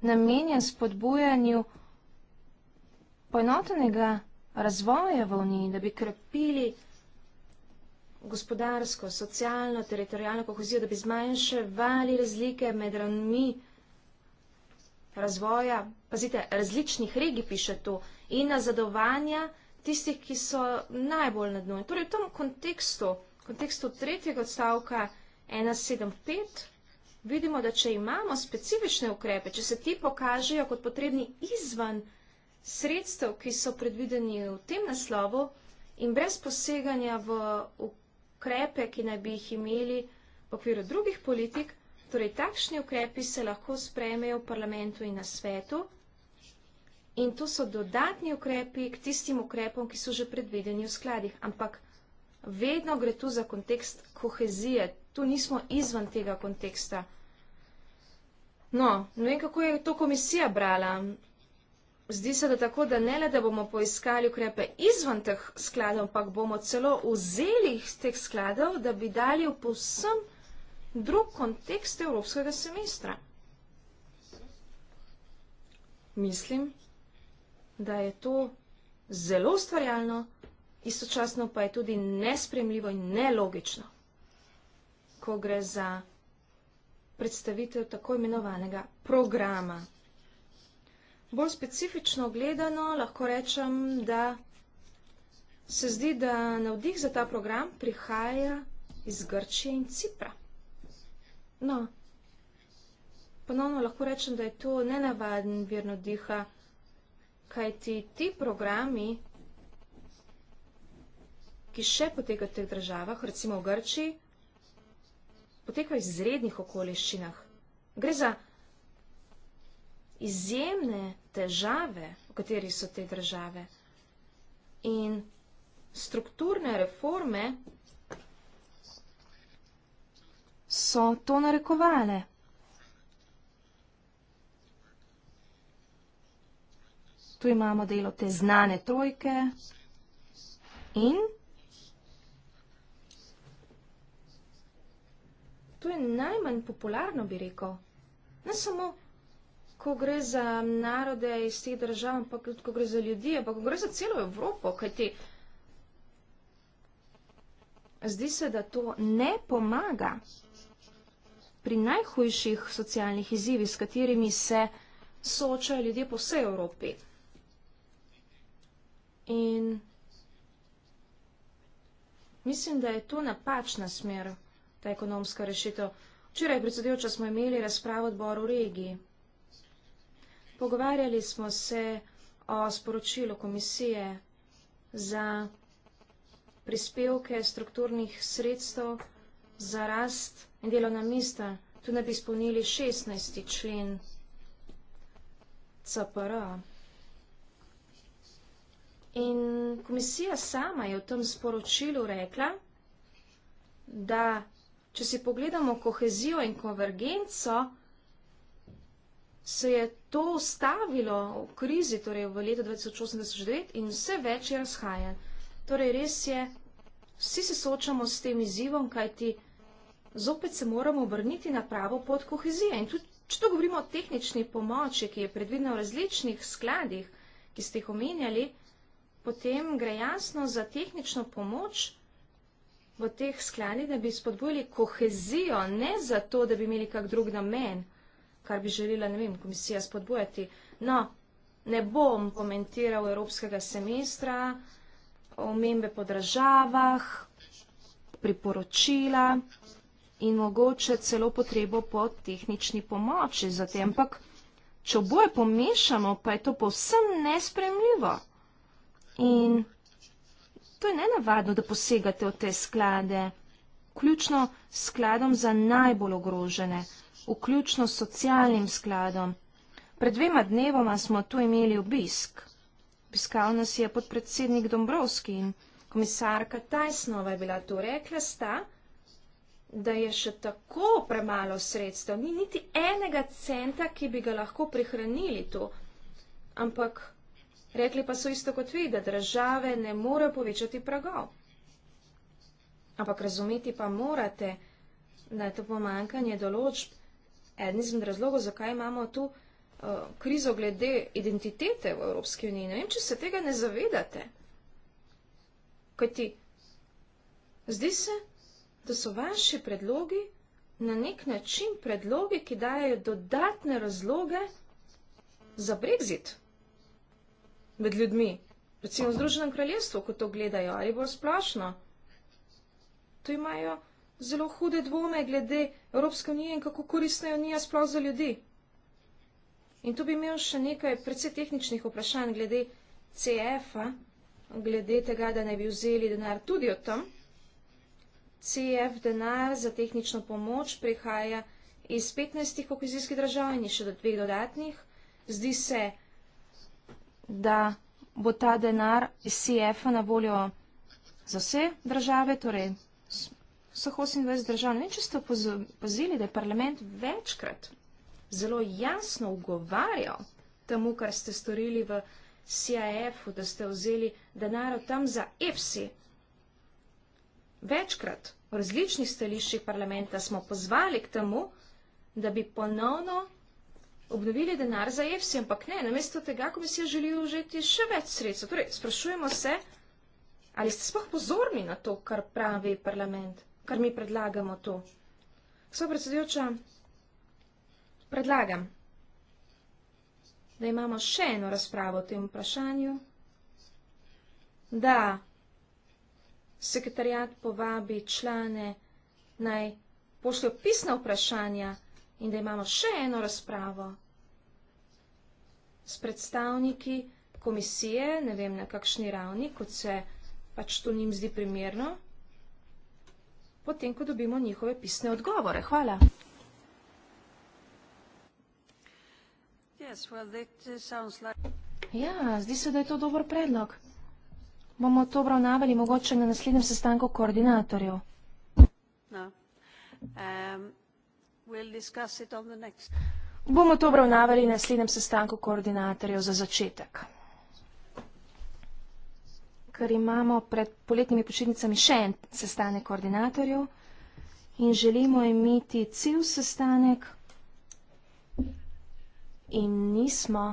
Speaker 1: namenjen spodbujanju poenotenega razvoja v Uniji, da bi krepili gospodarsko, socialno, teritorijalno kohezijo, da bi zmanjševali razlike med ravnmi razvoja, pazite, različnih regij piše to, in nazadovanja, tistih, ki so najbolj na dnu. In torej v tem kontekstu, kontekstu tretjega odstavka 175, vidimo, da če imamo specifične ukrepe, če se ti pokažejo kot potrebni izvan sredstev, ki so predvideni v tem naslovu in brez poseganja v ukrepe, ki naj bi jih imeli v okviru drugih politik, torej takšni ukrepi se lahko spremejo v parlamentu in na svetu. In to so dodatni ukrepi k tistim ukrepom, ki so že predvedeni v skladih. Ampak vedno gre tu za kontekst kohezije. Tu nismo izven tega konteksta. No, ne vem, kako je to komisija brala. Zdi se, da tako, da ne le, da bomo poiskali ukrepe izven teh skladov, ampak bomo celo vzeli jih z teh skladov, da bi dali v povsem drug kontekst evropskega semestra. Mislim da je to zelo ustvarjalno, istočasno pa je tudi nespremljivo in nelogično, ko gre za predstavitev tako imenovanega programa. Bolj specifično gledano lahko rečem, da se zdi, da navdih za ta program prihaja iz Grčije in Cipra. No, ponovno lahko rečem, da je to nenavaden vir navdiha, kaj ti ti programi, ki še potekajo v teh državah, recimo v Grči, potekajo v izrednih okoliščinah. Gre za izjemne težave, v kateri so te države in strukturne reforme so to narekovale. Tu imamo delo te znane trojke in to je najmanj popularno, bi rekel. Ne samo, ko gre za narode iz te države, ampak tudi, ko gre za ljudi, ampak ko gre za celo Evropo, kajti zdi se, da to ne pomaga pri najhujših socialnih izzivih, s katerimi se soočajo ljudje po vsej Evropi. In mislim, da je to napačna smer, ta ekonomska rešitev. Včeraj, predsedujoča, smo imeli razpravo odbor v regiji. Pogovarjali smo se o sporočilu komisije za prispevke strukturnih sredstev za rast in delovna mesta. Tu ne bi izpolnili 16. člen CPR. -a. In komisija sama je v tem sporočilu rekla, da če si pogledamo kohezijo in konvergenco, se je to ustavilo v krizi, torej v letu 2089 in vse več je razhajan. Torej res je, vsi se soočamo s tem izzivom, kajti zopet se moramo obrniti na pravo pot kohezije. In tudi, če to govorimo o tehnični pomoči, ki je predvidna v različnih skladih, ki ste jih omenjali, potem gre jasno za tehnično pomoč v teh skladih, da bi spodbojili kohezijo, ne zato, da bi imeli kak drug namen, kar bi želela, ne vem, komisija spodbojati. No, ne bom komentiral evropskega semestra, omembe po državah, priporočila in mogoče celo potrebo po tehnični pomoči. Zatem pa, če oboje pomešamo, pa je to povsem nespremljivo. In to je nenavadno, da posegate v te sklade, vključno s skladom za najbolj ogrožene, vključno s socialnim skladom. Pred dvema dnevoma smo tu imeli obisk. Obiskal nas je podpredsednik Dombrovski in komisarka Tajsnova je bila tu rekla sta, da je še tako premalo sredstev, ni niti enega centa, ki bi ga lahko prihranili tu. Ampak Rekli pa so isto kot vi, da države ne morejo povečati pragov. Ampak razumeti pa morate, da je to pomankanje določb eden izmed razlogov, zakaj imamo tu uh, krizo glede identitete v Evropski uniji. Ne vem, če se tega ne zavedate. Kajti, zdi se, da so vaši predlogi na nek način predlogi, ki dajo dodatne razloge za brexit med ljudmi. Recimo v Združenem kraljestvu, ko to gledajo, ali bolj splošno. Tu imajo zelo hude dvome glede Evropske unije in kako koristna je unija sploh za ljudi. In tu bi imel še nekaj predvsej tehničnih vprašanj glede CF-a, glede tega, da ne bi vzeli denar tudi od tam. CF denar za tehnično pomoč prihaja iz 15 kohezijskih držav in še do dveh dodatnih. Zdi se, da da bo ta denar iz CF-a na voljo za vse države, torej vseh 28 držav. Ne vem, če ste opazili, da je parlament večkrat zelo jasno ugovarjal temu, kar ste storili v CIF-u, da ste vzeli denar od tam za EFSI. Večkrat v različnih stališčih parlamenta smo pozvali k temu, da bi ponovno obnovili denar za EPSI, ampak ne, namesto tega komisija želi užeti še več sredstva. Torej, sprašujemo se, ali ste spoh pozorni na to, kar pravi parlament, kar mi predlagamo tu. Svoj predsedujoča, predlagam, da imamo še eno razpravo o tem vprašanju, da sekretarjat povabi člane naj pošljo pisna vprašanja in da imamo še eno razpravo s predstavniki komisije, ne vem na kakšni ravni, kot se pač to njim zdi primerno, potem, ko dobimo njihove pisne odgovore. Hvala. Uh, ja, zdi se, da je to dober predlog. Bomo to obravnavali mogoče na naslednjem sestanku koordinatorjev. No. Um, we'll discuss it on the next. Bomo to obravnavali na naslednjem sestanku koordinatorjev za začetek. Ker imamo pred poletnimi počitnicami še en sestanek koordinatorjev in želimo imeti cel sestanek in nismo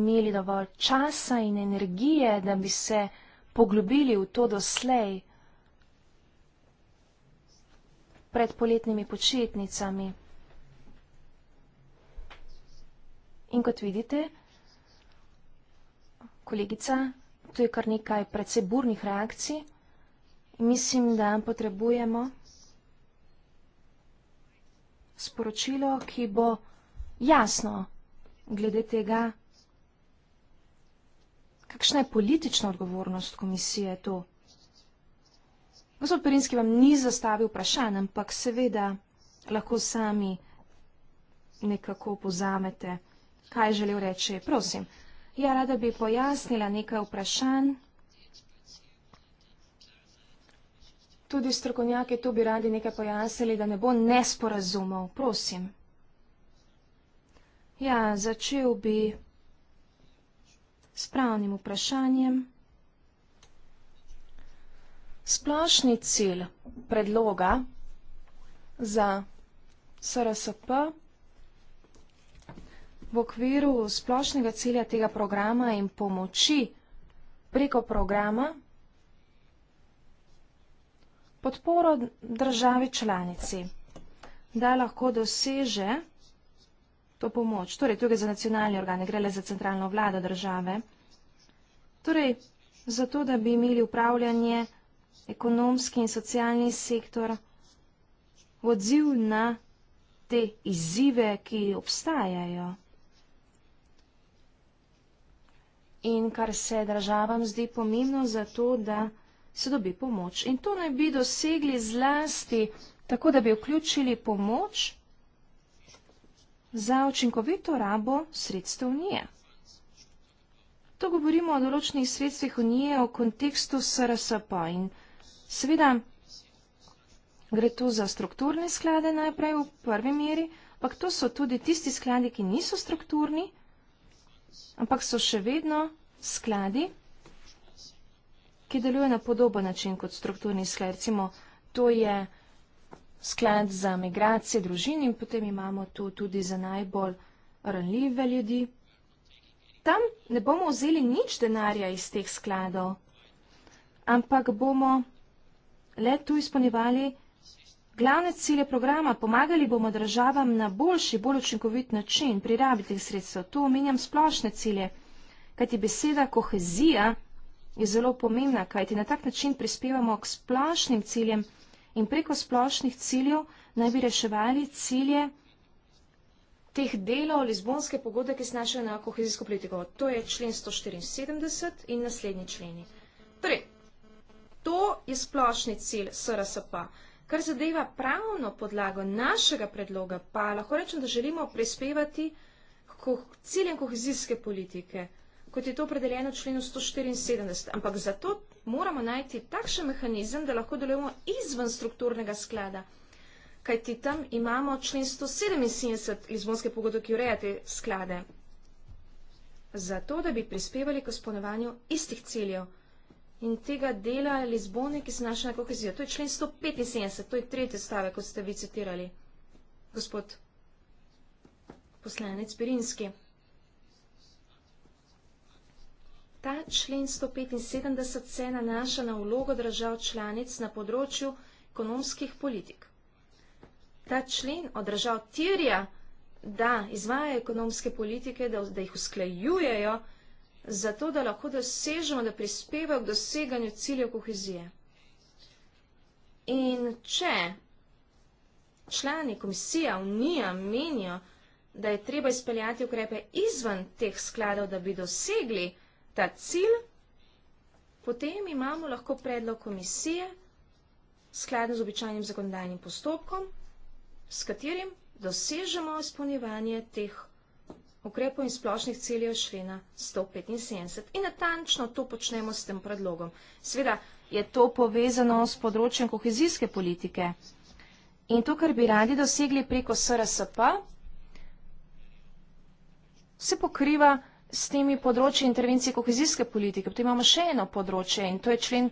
Speaker 1: imeli dovolj časa in energije, da bi se poglobili v to doslej pred poletnimi počitnicami. In kot vidite, kolegica, tu je kar nekaj predvsej burnih reakcij. Mislim, da potrebujemo sporočilo, ki bo jasno glede tega, kakšna je politična odgovornost komisije to. Gospod Perinski vam ni zastavil vprašanj, ampak seveda lahko sami nekako pozamete vprašanje kaj je želel reči. Prosim. Ja, rada bi pojasnila nekaj vprašanj. Tudi strokovnjaki tu bi radi nekaj pojasnili, da ne bo nesporazumov. Prosim. Ja, začel bi s pravnim vprašanjem. Splošni cilj predloga za SRSP je, v okviru splošnega cilja tega programa in pomoči preko programa podporo državi članici, da lahko doseže to pomoč. Torej, tukaj za nacionalni organ, gre le za centralno vlado države. Torej, zato, da bi imeli upravljanje ekonomski in socialni sektor v odziv na te izzive, ki obstajajo. in kar se državam zdi pomembno za to, da se dobi pomoč. In to naj bi dosegli zlasti tako, da bi vključili pomoč za učinkovito rabo sredstev unije. To govorimo o določenih sredstvih unije v kontekstu SRSP in seveda gre tu za strukturne sklade najprej v prvi meri, ampak to so tudi tisti skladi, ki niso strukturni, ampak so še vedno skladi, ki delujo na podoben način kot strukturni sklad. Recimo, to je sklad za migracije družin in potem imamo to tudi za najbolj ranljive ljudi. Tam ne bomo vzeli nič denarja iz teh skladov, ampak bomo le tu izpolnjevali Glavne cilje programa pomagali bomo državam na boljši, bolj učinkovit način prirabiti sredstva. Tu omenjam splošne cilje, kajti beseda kohezija je zelo pomembna, kajti na tak način prispevamo k splošnim ciljem in preko splošnih ciljev naj bi reševali cilje teh delov Lizbonske pogode, ki snašajo na kohezijsko politiko. To je člen 174 in naslednji členi. Torej, to je splošni cilj SRSP-a. Kar zadeva pravno podlago našega predloga, pa lahko rečem, da želimo prispevati k ciljem kohezijske politike, kot je to opredeljeno v členu 174. Ampak zato moramo najti takšen mehanizem, da lahko delujemo izven strukturnega sklada. Kaj ti tam imamo člen 177 Lizbonske pogodbe, ki ureja te sklade? Zato, da bi prispevali k izpolnjevanju istih ciljev in tega dela Lizbone, ki se naša na kohezijo. To je člen 175, to je tretje stave, kot ste vi citirali, gospod poslanec Pirinski. Ta člen 175 se nanaša na vlogo držav članic na področju ekonomskih politik. Ta člen od držav tirja, da izvajajo ekonomske politike, da, da jih usklejujejo, zato da lahko dosežemo, da prispevajo k doseganju ciljev kohezije. In če člani komisija, unija menijo, da je treba izpeljati ukrepe izven teh skladov, da bi dosegli ta cilj, potem imamo lahko predlog komisije skladno z običajnim zakonodajnim postopkom, s katerim dosežemo izpolnjevanje teh ukrepov in splošnih ciljev člena 175. In natančno to počnemo s tem predlogom. Sveda je to povezano s področjem kohezijske politike. In to, kar bi radi dosegli preko SRSP, se pokriva s temi področji intervencije kohezijske politike. Potem imamo še eno področje in to je člen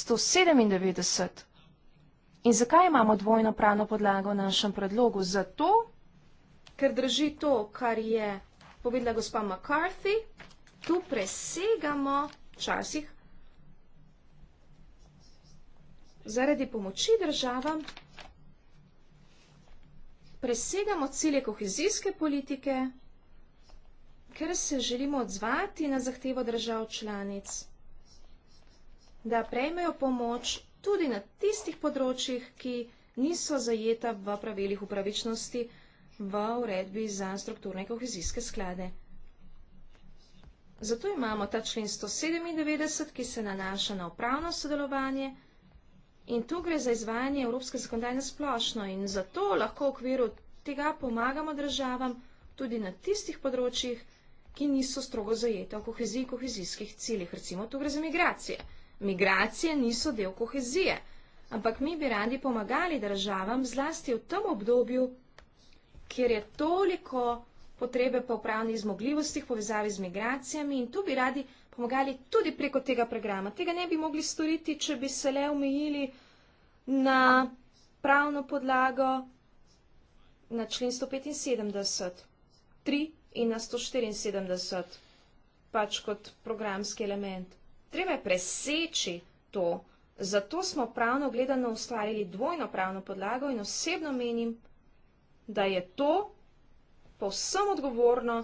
Speaker 1: 197. In zakaj imamo dvojno pravno podlago v našem predlogu? Zato, ker drži to, kar je povedala gospa McCarthy, tu presegamo časih zaradi pomoči državam, presegamo cilje kohezijske politike, ker se želimo odzvati na zahtevo držav članic, da prejmejo pomoč tudi na tistih področjih, ki niso zajeta v pravilih upravičnosti, v uredbi za strukturne kohezijske sklade. Zato imamo ta člen 197, ki se nanaša na upravno sodelovanje in tu gre za izvajanje evropske zakonodajne splošno in zato lahko v okviru tega pomagamo državam tudi na tistih področjih, ki niso strogo zajete v koheziji kohezijskih ciljih. Recimo tu gre za migracije. Migracije niso del kohezije, ampak mi bi radi pomagali državam zlasti v tem obdobju, kjer je toliko potrebe po upravnih zmogljivostih, povezavi z migracijami in tu bi radi pomagali tudi preko tega programa. Tega ne bi mogli storiti, če bi se le omejili na pravno podlago na člen 175, 3 in na 174, pač kot programski element. Treba je preseči to, zato smo pravno gledano ustvarili dvojno pravno podlago in osebno menim, da je to povsem odgovorno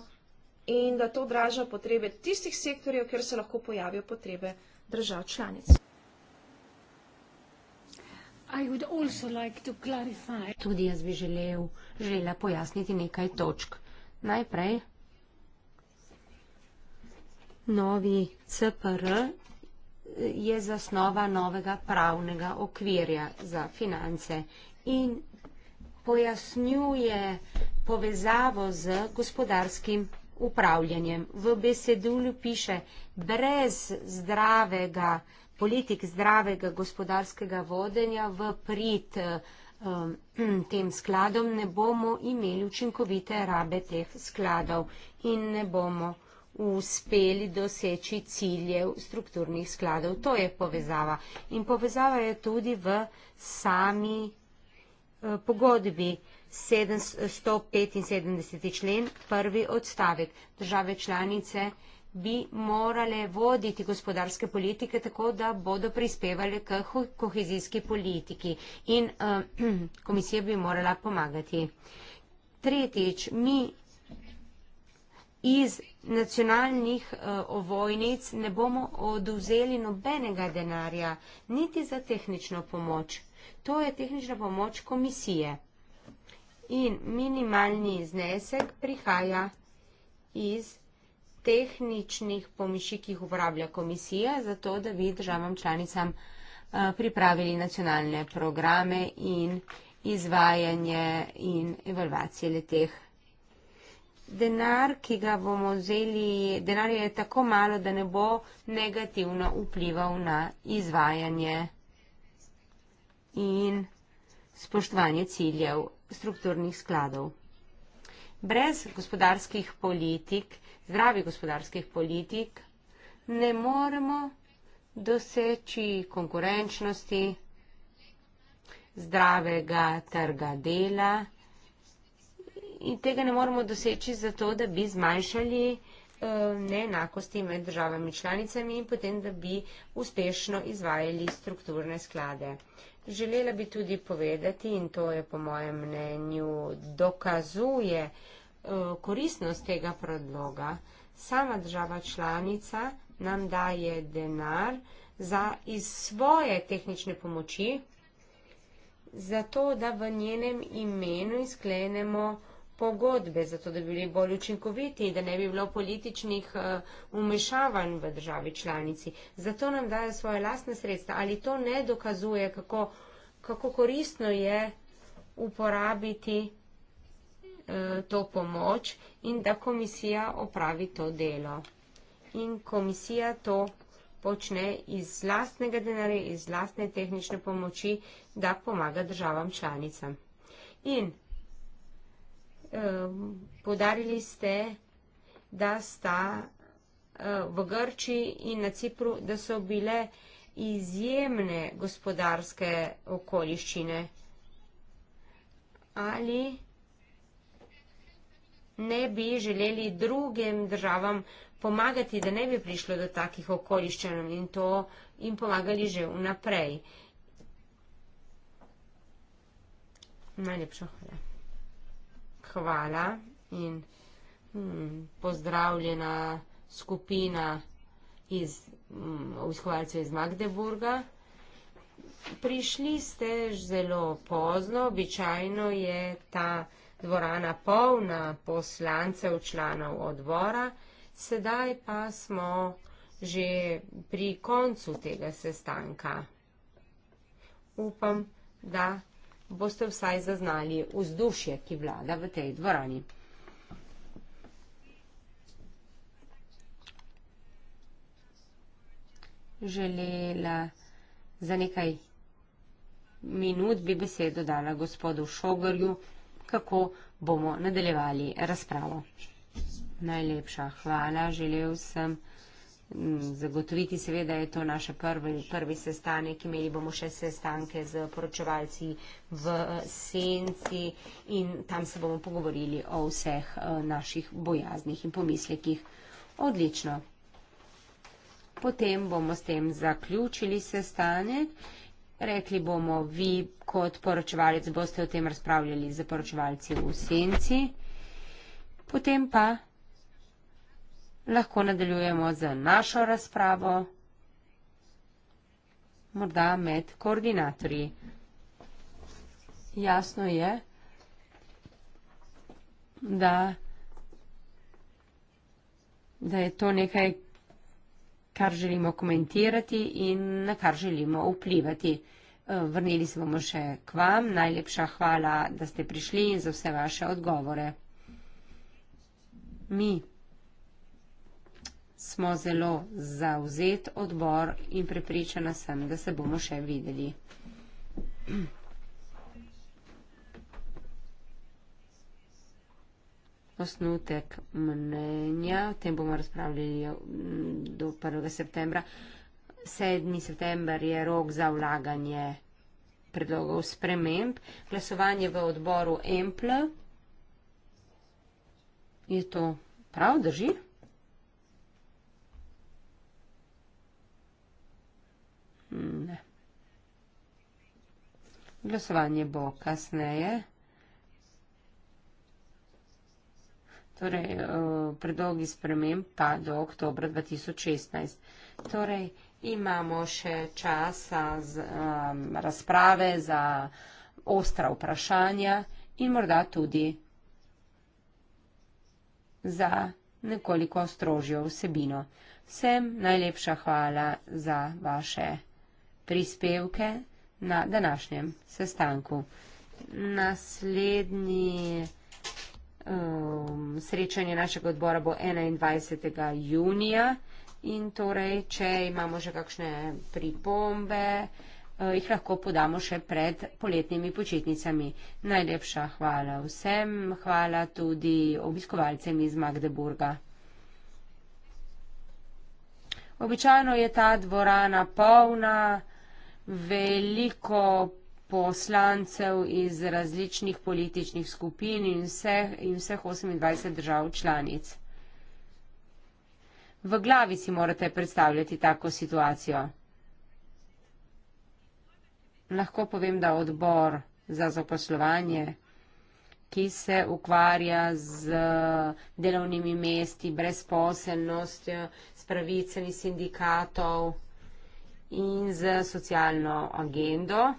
Speaker 1: in da to odraža potrebe tistih sektorjev, kjer se lahko pojavijo potrebe držav članic.
Speaker 2: Tudi jaz bi želel, želela pojasniti nekaj točk. Najprej, novi CPR je zasnova novega pravnega okvirja za finance in pojasnjuje povezavo z gospodarskim upravljanjem. V besedulju piše, brez zdravega politik, zdravega gospodarskega vodenja v prid um, tem skladom ne bomo imeli učinkovite rabe teh skladov in ne bomo uspeli doseči ciljev strukturnih skladov. To je povezava. In povezava je tudi v sami Eh, pogodbi. 175. člen, prvi odstavek. Države članice bi morale voditi gospodarske politike tako, da bodo prispevali k kohezijski politiki in uh, komisija bi morala pomagati. Tretjič, mi iz nacionalnih uh, ovojnic ne bomo oduzeli nobenega denarja, niti za tehnično pomoč. Uh, To je tehnična pomoč komisije. In minimalni znesek prihaja iz tehničnih pomiši, ki jih uporablja komisija, zato da bi državam članicam eh, pripravili nacionalne programe in izvajanje in evalvacije leteh. Denar, ki ga bomo vzeli, denar je tako malo, da ne bo negativno vplival na izvajanje in spoštovanje ciljev strukturnih skladov. Brez gospodarskih politik, zdravih gospodarskih politik, ne moremo doseči konkurenčnosti zdravega trga dela in tega ne moremo doseči zato, da bi zmanjšali eh, neenakosti med državami članicami in potem, da bi uspešno izvajali strukturne sklade. Želela bi tudi povedati, in to je po mojem mnenju dokazuje eh, koristnost tega predloga, sama država članica nam daje denar za iz svoje tehnične pomoči, zato da v njenem imenu izklenemo pogodbe, zato da bi bili bolj učinkoviti in da ne bi bilo političnih umešavanj eh, v državi članici. Zato nam dajo svoje lastne sredstva. Ali to ne dokazuje, kako, kako koristno je uporabiti eh, to pomoč in da komisija opravi to delo. In komisija to počne iz lastnega denarja, iz lastne tehnične pomoči, da pomaga državam članicam. In podarili ste, da sta e, v Grči in na Cipru, da so bile izjemne gospodarske okoliščine. Ali ne bi želeli drugim državam pomagati, da ne bi prišlo do takih okoliščen in to jim pomagali že vnaprej. Najlepša hvala hvala in hmm, pozdravljena skupina iz hmm, obiskovalcev iz Magdeburga. Prišli ste zelo pozno, običajno je ta dvorana polna poslancev, članov odbora, sedaj pa smo že pri koncu tega sestanka. Upam, da boste vsaj zaznali vzdušje, ki vlada v tej dvorani. Želela za nekaj minut bi besedo dala gospodu Šogorju, kako bomo nadaljevali razpravo. Najlepša hvala, želel sem. Zagotoviti seveda je to naš prvi, prvi sestanek, imeli bomo še sestanke z poročevalci v eh, senci in tam se bomo pogovorili o vseh eh, naših bojaznih in pomislekih. Odlično. Potem bomo s tem zaključili sestanek. Rekli bomo, vi kot poročevalec boste o tem razpravljali z poročevalci v senci. Potem pa lahko nadaljujemo z našo razpravo, morda med koordinatorji. Jasno je, da, da je to nekaj, kar želimo komentirati in na kar želimo vplivati. Eh, vrnili se bomo še k vam. Najlepša hvala, da ste prišli in za vse vaše odgovore. Mi smo zelo zauzet odbor in prepričana sem, da se bomo še videli. Osnutek mnenja, o tem bomo razpravljali mm, do 1. septembra. 7. september je rok za vlaganje predlogov sprememb. Glasovanje v odboru EMPL je to prav, drži? Ne. Glasovanje bo kasneje. Torej, eh, predolgi sprememb pa do oktobra 2016. Torej, imamo še časa za um, eh, razprave, za ostra vprašanja in morda tudi za nekoliko strožjo vsebino. Vsem najlepša hvala za vaše prispevke na današnjem sestanku. Naslednji um, srečanje našega odbora bo 21. junija in torej, če imamo že kakšne pripombe, eh, jih lahko podamo še pred poletnimi počitnicami. Najlepša hvala vsem, hvala tudi obiskovalcem iz Magdeburga. Običajno je ta dvorana polna veliko poslancev iz različnih političnih skupin in vseh, in vseh 28 držav članic. V glavi si morate predstavljati tako situacijo. Lahko povem, da odbor za zaposlovanje, ki se ukvarja z delovnimi mesti, brezposelnostjo, s pravicami sindikatov, in z socialno agendo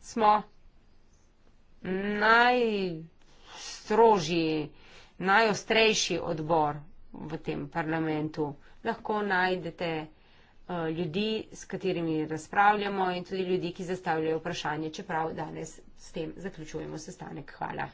Speaker 2: smo najstrožji, najostrejši odbor v tem parlamentu. Lahko najdete eh, ljudi, s katerimi razpravljamo in tudi ljudi, ki zastavljajo vprašanje, čeprav danes s tem zaključujemo sestanek. Hvala.